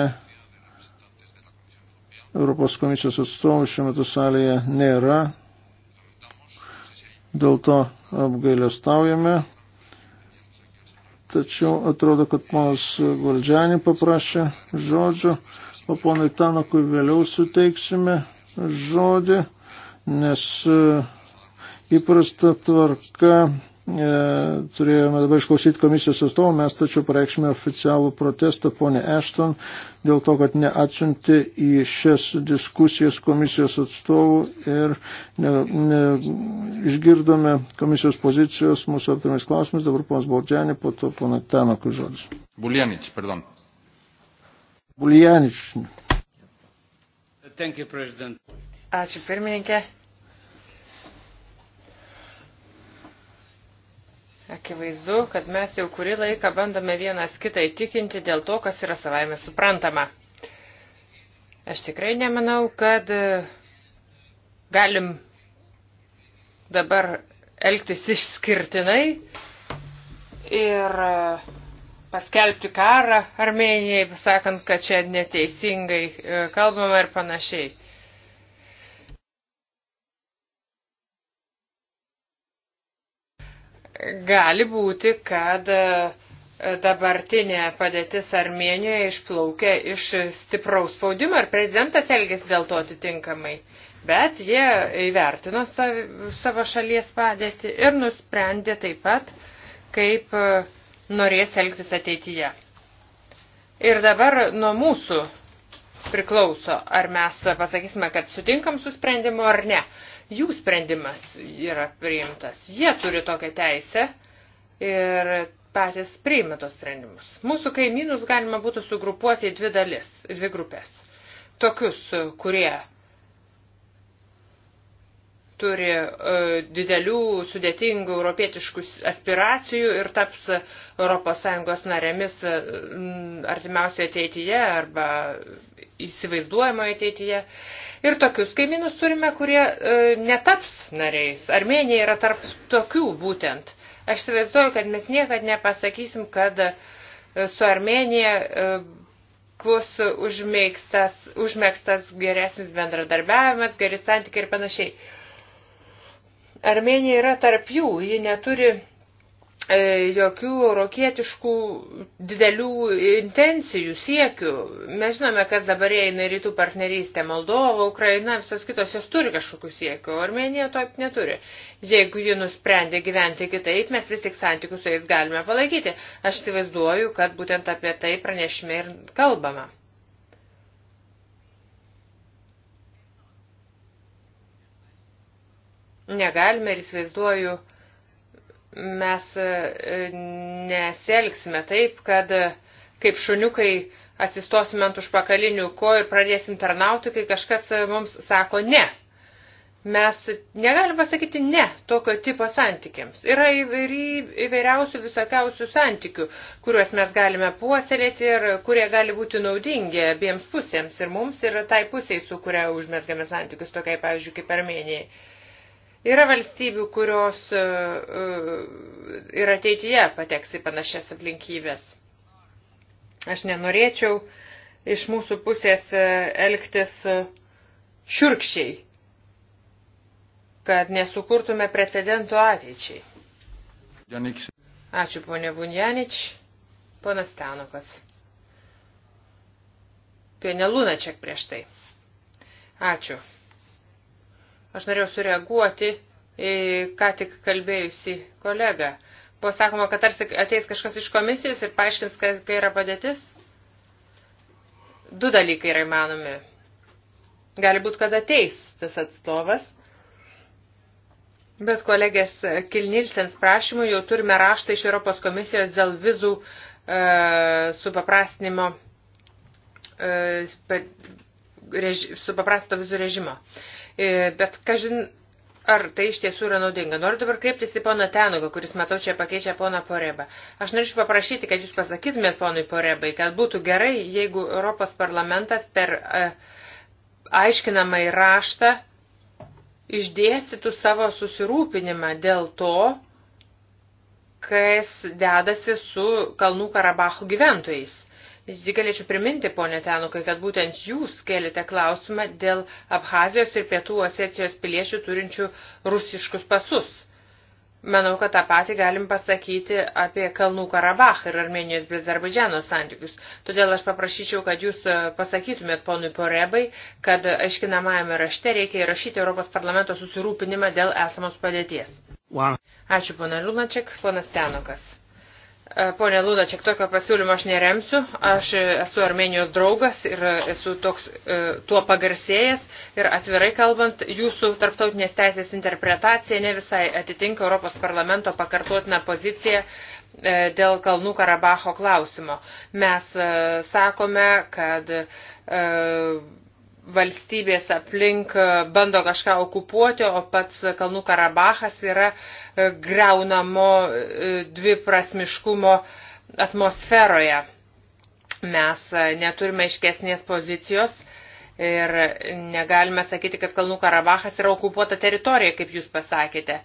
Europos komisijos atstovų šiuo metu salėje nėra. Dėl to apgailestaujame. Tačiau atrodo, kad ponas Goldžianį paprašė žodžio, o ponui Tanakui vėliau suteiksime žodį, nes e, įprasta tvarka e, turėjome dabar išklausyti komisijos atstovą, mes tačiau pareikšime oficialų protestą ponė Ešton dėl to, kad neatsiunti į šias diskusijas komisijos atstovų ir ne, ne, išgirdome komisijos pozicijos mūsų aptarimais klausimais, dabar ponas Bordžianė, po to ponė Tenokų žodis. Buljanič, pardon. Buljanič. Thank you, President. Ačiū pirmininkė. Akivaizdu, kad mes jau kurį laiką bandome vienas kitą įtikinti dėl to, kas yra savaime suprantama. Aš tikrai nemanau, kad e, galim dabar elgtis išskirtinai ir uh, paskelbti karą Armenijai, sakant, kad čia neteisingai e, kalbama ir panašiai. Gali būti, kad e, dabartinė padėtis Armenijoje išplaukia iš stipraus spaudimo ir prezidentas elgėsi dėl to atitinkamai. Bet jie įvertino savo šalies padėtį ir nusprendė taip pat, kaip uh, norės elgtis ateityje. Ir dabar nuo mūsų priklauso, ar mes pasakysime, kad sutinkam su sprendimu ar ne. Jų sprendimas yra priimtas. Jie turi tokią teisę ir patys priima tos sprendimus. Mūsų kaimynus galima būtų sugrupuoti į dvi dalis, dvi grupės. Tokius, kurie turi e, didelių, sudėtingų europietiškų aspiracijų ir taps ES narėmis e, artimiausioje ateityje arba įsivaizduojamoje ateityje. Ir tokius kaimynus turime, kurie e, netaps nariais. Armenija yra tarp tokių būtent. Aš įsivaizduoju, kad mes niekad nepasakysim, kad e, su Armenija e, bus užmėgstas, užmėgstas geresnis bendradarbiavimas, geri santykiai ir panašiai. Armenija yra tarp jų, ji neturi e, jokių eurokietiškų didelių intencijų, siekių. Mes žinome, kas dabar eina rytų partnerystė - Moldova, Ukraina, visos kitos jos turi kažkokių siekių, Armenija to neturi. Jeigu ji nusprendė gyventi kitaip, mes vis tik santykius su jais galime palaikyti. Aš įsivaizduoju, kad būtent apie tai pranešime ir kalbama. Negalime ir įsivaizduoju, mes e, nesielgsime taip, kad e, kaip šuniukai atsistosime ant užpakalinių kojų ir pradėsim tarnauti, kai kažkas e, mums sako ne. Mes negalim pasakyti ne tokio tipo santykiams. Yra įvairiausių visokiausių santykių, kuriuos mes galime puoselėti ir kurie gali būti naudingi abiems pusėms ir mums ir tai pusiai, su kuria užmesgame santykius, tokiai, pavyzdžiui, kaip Armenijai. Yra valstybių, kurios e, e, ir ateityje pateks į panašias aplinkybės. Aš nenorėčiau iš mūsų pusės e, elgtis šiurkščiai, kad nesukurtume precedentų ateičiai. Ačiū ponė Vunjanič, ponas Tenokas. Pienelūna čia prieš tai. Ačiū. Aš norėjau sureaguoti į ką tik kalbėjusi kolegą. Buvo sakoma, kad tarsi ateis kažkas iš komisijos ir paaiškins, kai yra padėtis. Du dalykai yra įmanomi. Gali būt, kad ateis tas atstovas. Bet kolegės Kilnilsens prašymų jau turime raštą iš Europos komisijos dėl vizų e, supaprastinimo e, reži, supaprastino vizų režimo. E, E, bet, kažin, ar tai iš tiesų yra naudinga. Noriu dabar kreiptis į poną Tenugą, kuris matau čia pakeičia poną Porebą. Aš norėčiau paprašyti, kad jūs pasakytumėt ponui Porebai, kad būtų gerai, jeigu Europos parlamentas per e, aiškinamą įraštą išdėstytų savo susirūpinimą dėl to, kas dedasi su Kalnų Karabacho gyventojais. Galėčiau priminti, ponė Tenukai, kad būtent jūs kėlėte klausimą dėl Abhazijos ir Pietų Osetijos piliečių turinčių rusiškus pasus. Manau, kad tą patį galim pasakyti apie Kalnų Karabachą ir Armenijos bei Azerbaidžiano santykius. Todėl aš paprašyčiau, kad jūs e, pasakytumėt ponui Porebai, kad aiškinamajame rašte reikia įrašyti Europos parlamento susirūpinimą dėl esamos padėties. Wow. Ačiū, pona Liūnačiak, ponas Tenukas. E, Pone Lūda, čia tokio pasiūlymo aš neremsiu. Aš esu Armenijos draugas ir esu toks, e, tuo pagarsėjęs. Ir atvirai kalbant, jūsų tarptautinės teisės interpretacija ne visai atitinka Europos parlamento pakartotiną poziciją e, dėl Kalnų Karabacho klausimo. Mes sakome, kad valstybės aplink e, bando kažką okupuoti, o pats Kalnų Karabachas yra e, greunamo e, dviprasmiškumo atmosferoje. Mes neturime iškesnės pozicijos ir negalime sakyti, kad Kalnų Karabachas yra okupuota teritorija, kaip jūs pasakėte.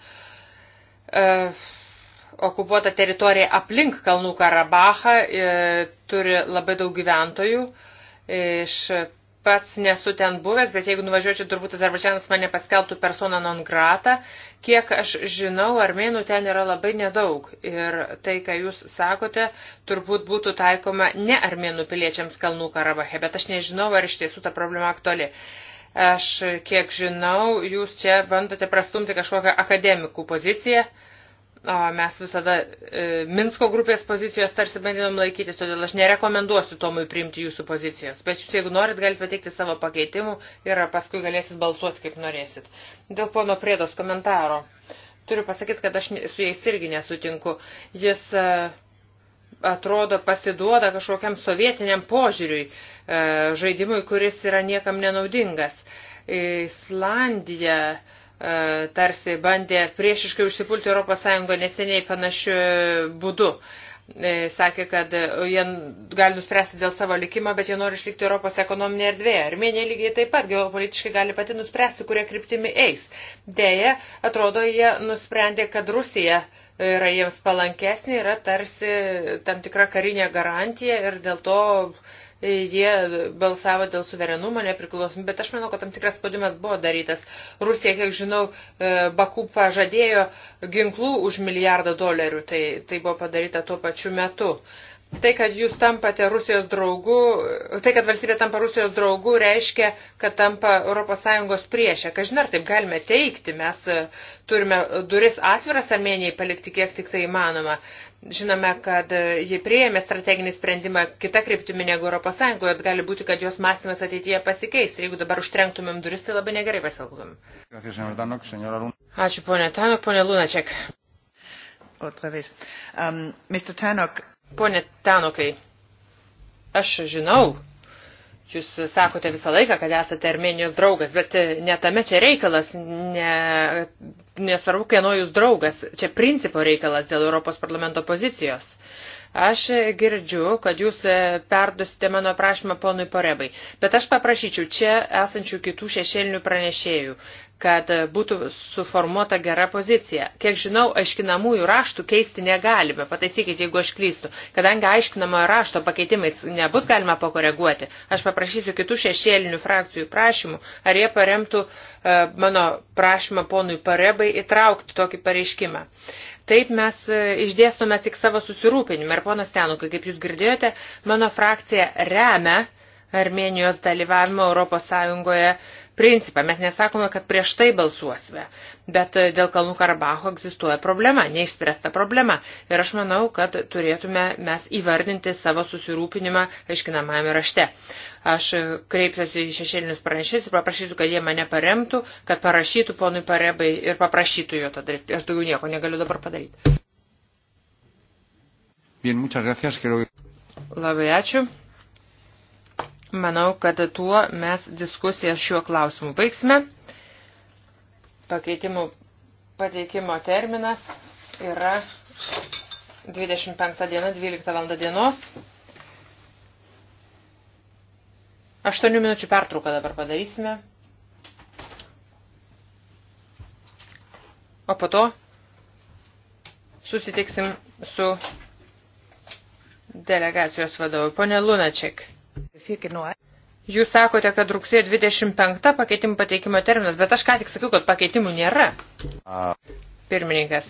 Okupuota teritorija aplink Kalnų Karabachą turi labai daug gyventojų. Iš pats nesu ten buvęs, bet jeigu nuvažiuočiau, turbūt Azerbaidžianas mane paskelbtų persona non grata. Kiek aš žinau, armėnų ten yra labai nedaug. Ir tai, ką jūs sakote, turbūt būtų taikoma ne armėnų piliečiams Kalnų Karabache, bet aš nežinau, ar iš tiesų ta problema aktuali. Aš, kiek žinau, jūs čia bandote prastumti kažkokią akademikų poziciją. Uh, O mes visada e, Minsko grupės pozicijos tarsi bandėm laikytis, todėl aš nerekomenduosiu Tomui priimti jūsų pozicijos. Bet jūs, jeigu norit, galite pateikti savo pakeitimų ir paskui galėsit balsuoti, kaip norėsit. Dėl pono Priedos komentaro. Turiu pasakyti, kad aš su jais irgi nesutinku. Jis e, atrodo pasiduoda kažkokiam sovietiniam požiūriui, e, žaidimui, kuris yra niekam nenaudingas. Islandija. E, E, tarsi bandė priešiškai užsipulti ES neseniai panašiu būdu. E, sakė, kad jie gali nuspręsti dėl savo likimo, bet jie nori išlikti Europos ekonominėje erdvėje. Armėnija lygiai taip pat geopolitiškai gali pati nuspręsti, kurie kryptimi eis. Deja, atrodo, jie nusprendė, kad Rusija yra jiems palankesnė, yra tarsi tam tikra karinė garantija ir dėl to uh, jie balsavo dėl suverenumo, nepriklausomybės, bet aš manau, kad tam tikras spaudimas buvo darytas. Rusija, kiek žinau, e, Baku pažadėjo ginklų už milijardą dolerių, tai, tai buvo padaryta tuo pačiu metu. Uh, tai, kad jūs tampate Rusijos draugu, tai, kad valstybė tampa Rusijos draugu, reiškia, kad tampa ES priešė. Kažin ar taip galime teikti, mes e, turime duris atviras Armenijai palikti kiek tik tai įmanoma. Žinome, kad e, jie prieėmė strateginį sprendimą kitą kryptimį negu ES, bet gali būti, kad jos mąstymas ateityje pasikeis. Jeigu dabar užtrenktumėm duris, tai labai negerai pasielgtumėm. Ačiū, ponė Tanok, ponė Lunaček. Um, Mr. Tanok, Pone Tenokai, aš žinau, Jūs sakote visą laiką, kad esate Armenijos draugas, bet ne tame čia reikalas, ne, nesvarbu, kieno jūs draugas, čia principo reikalas dėl Europos parlamento pozicijos. Aš girdžiu, kad jūs perdusite mano prašymą ponui Porebai, bet aš paprašyčiau čia esančių kitų šešėlinių pranešėjų, kad e, būtų suformuota gera pozicija. Kiek žinau, aiškinamųjų raštų keisti negalime, pataisykit, jeigu aš klystu. Kadangi aiškinamojo rašto pakeitimais nebus galima pakoreguoti, aš paprašysiu kitų šešėlinių frakcijų prašymų, ar jie paremtų e, mano prašymą ponui Parebai įtraukti tokį pareiškimą. Taip mes e, išdėstome tik savo susirūpinimą. Ir ponas Senukai, kaip jūs girdėjote, mano frakcija remia Armenijos dalyvavimo Europos Sąjungoje principą. Mes nesakome, kad prieš tai balsuosime, bet e, dėl Kalnų Karabaho egzistuoja problema, neišspręsta problema. Ir aš manau, kad turėtume mes įvardinti savo susirūpinimą aiškinamajame rašte. Aš e, kreipsiuosi į šešėlinius pranešėjus ir paprašysiu, kad jie mane paremtų, kad parašytų ponui parebai ir paprašytų jo tą daryti. Aš daugiau nieko negaliu dabar padaryti. Bien, muchas gracias. Creo... Labai ačiū. Manau, kad tuo mes diskusiją šiuo klausimu baigsime. Pakeitimų pateikimo terminas yra 25 diena, 12 val. dienos. 8 minučių pertrauką dabar padarysime. O po to susitiksim su delegacijos vadovu. Pone Lunaček. Jūs sakote, kad rugsėjo 25 pakeitimų pateikimo terminas, bet aš ką tik sakiau, kad pakeitimų nėra. Pirmininkas.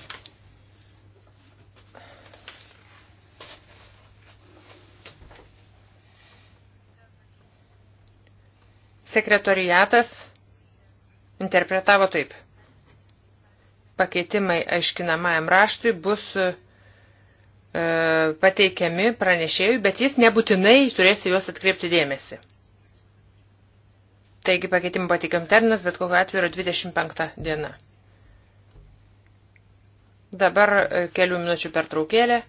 Sekretoriatas interpretavo taip. Pakeitimai aiškinamajam raštui bus E, pateikiami pranešėjui, bet jis nebūtinai turės juos atkreipti dėmesį. Taigi pakeitimų pateikiam terminas, bet kokiu atveju yra 25 diena. Dabar e, kelių minučių pertraukėlė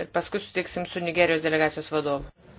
ir paskui sutiksim su Nigerijos delegacijos vadovu.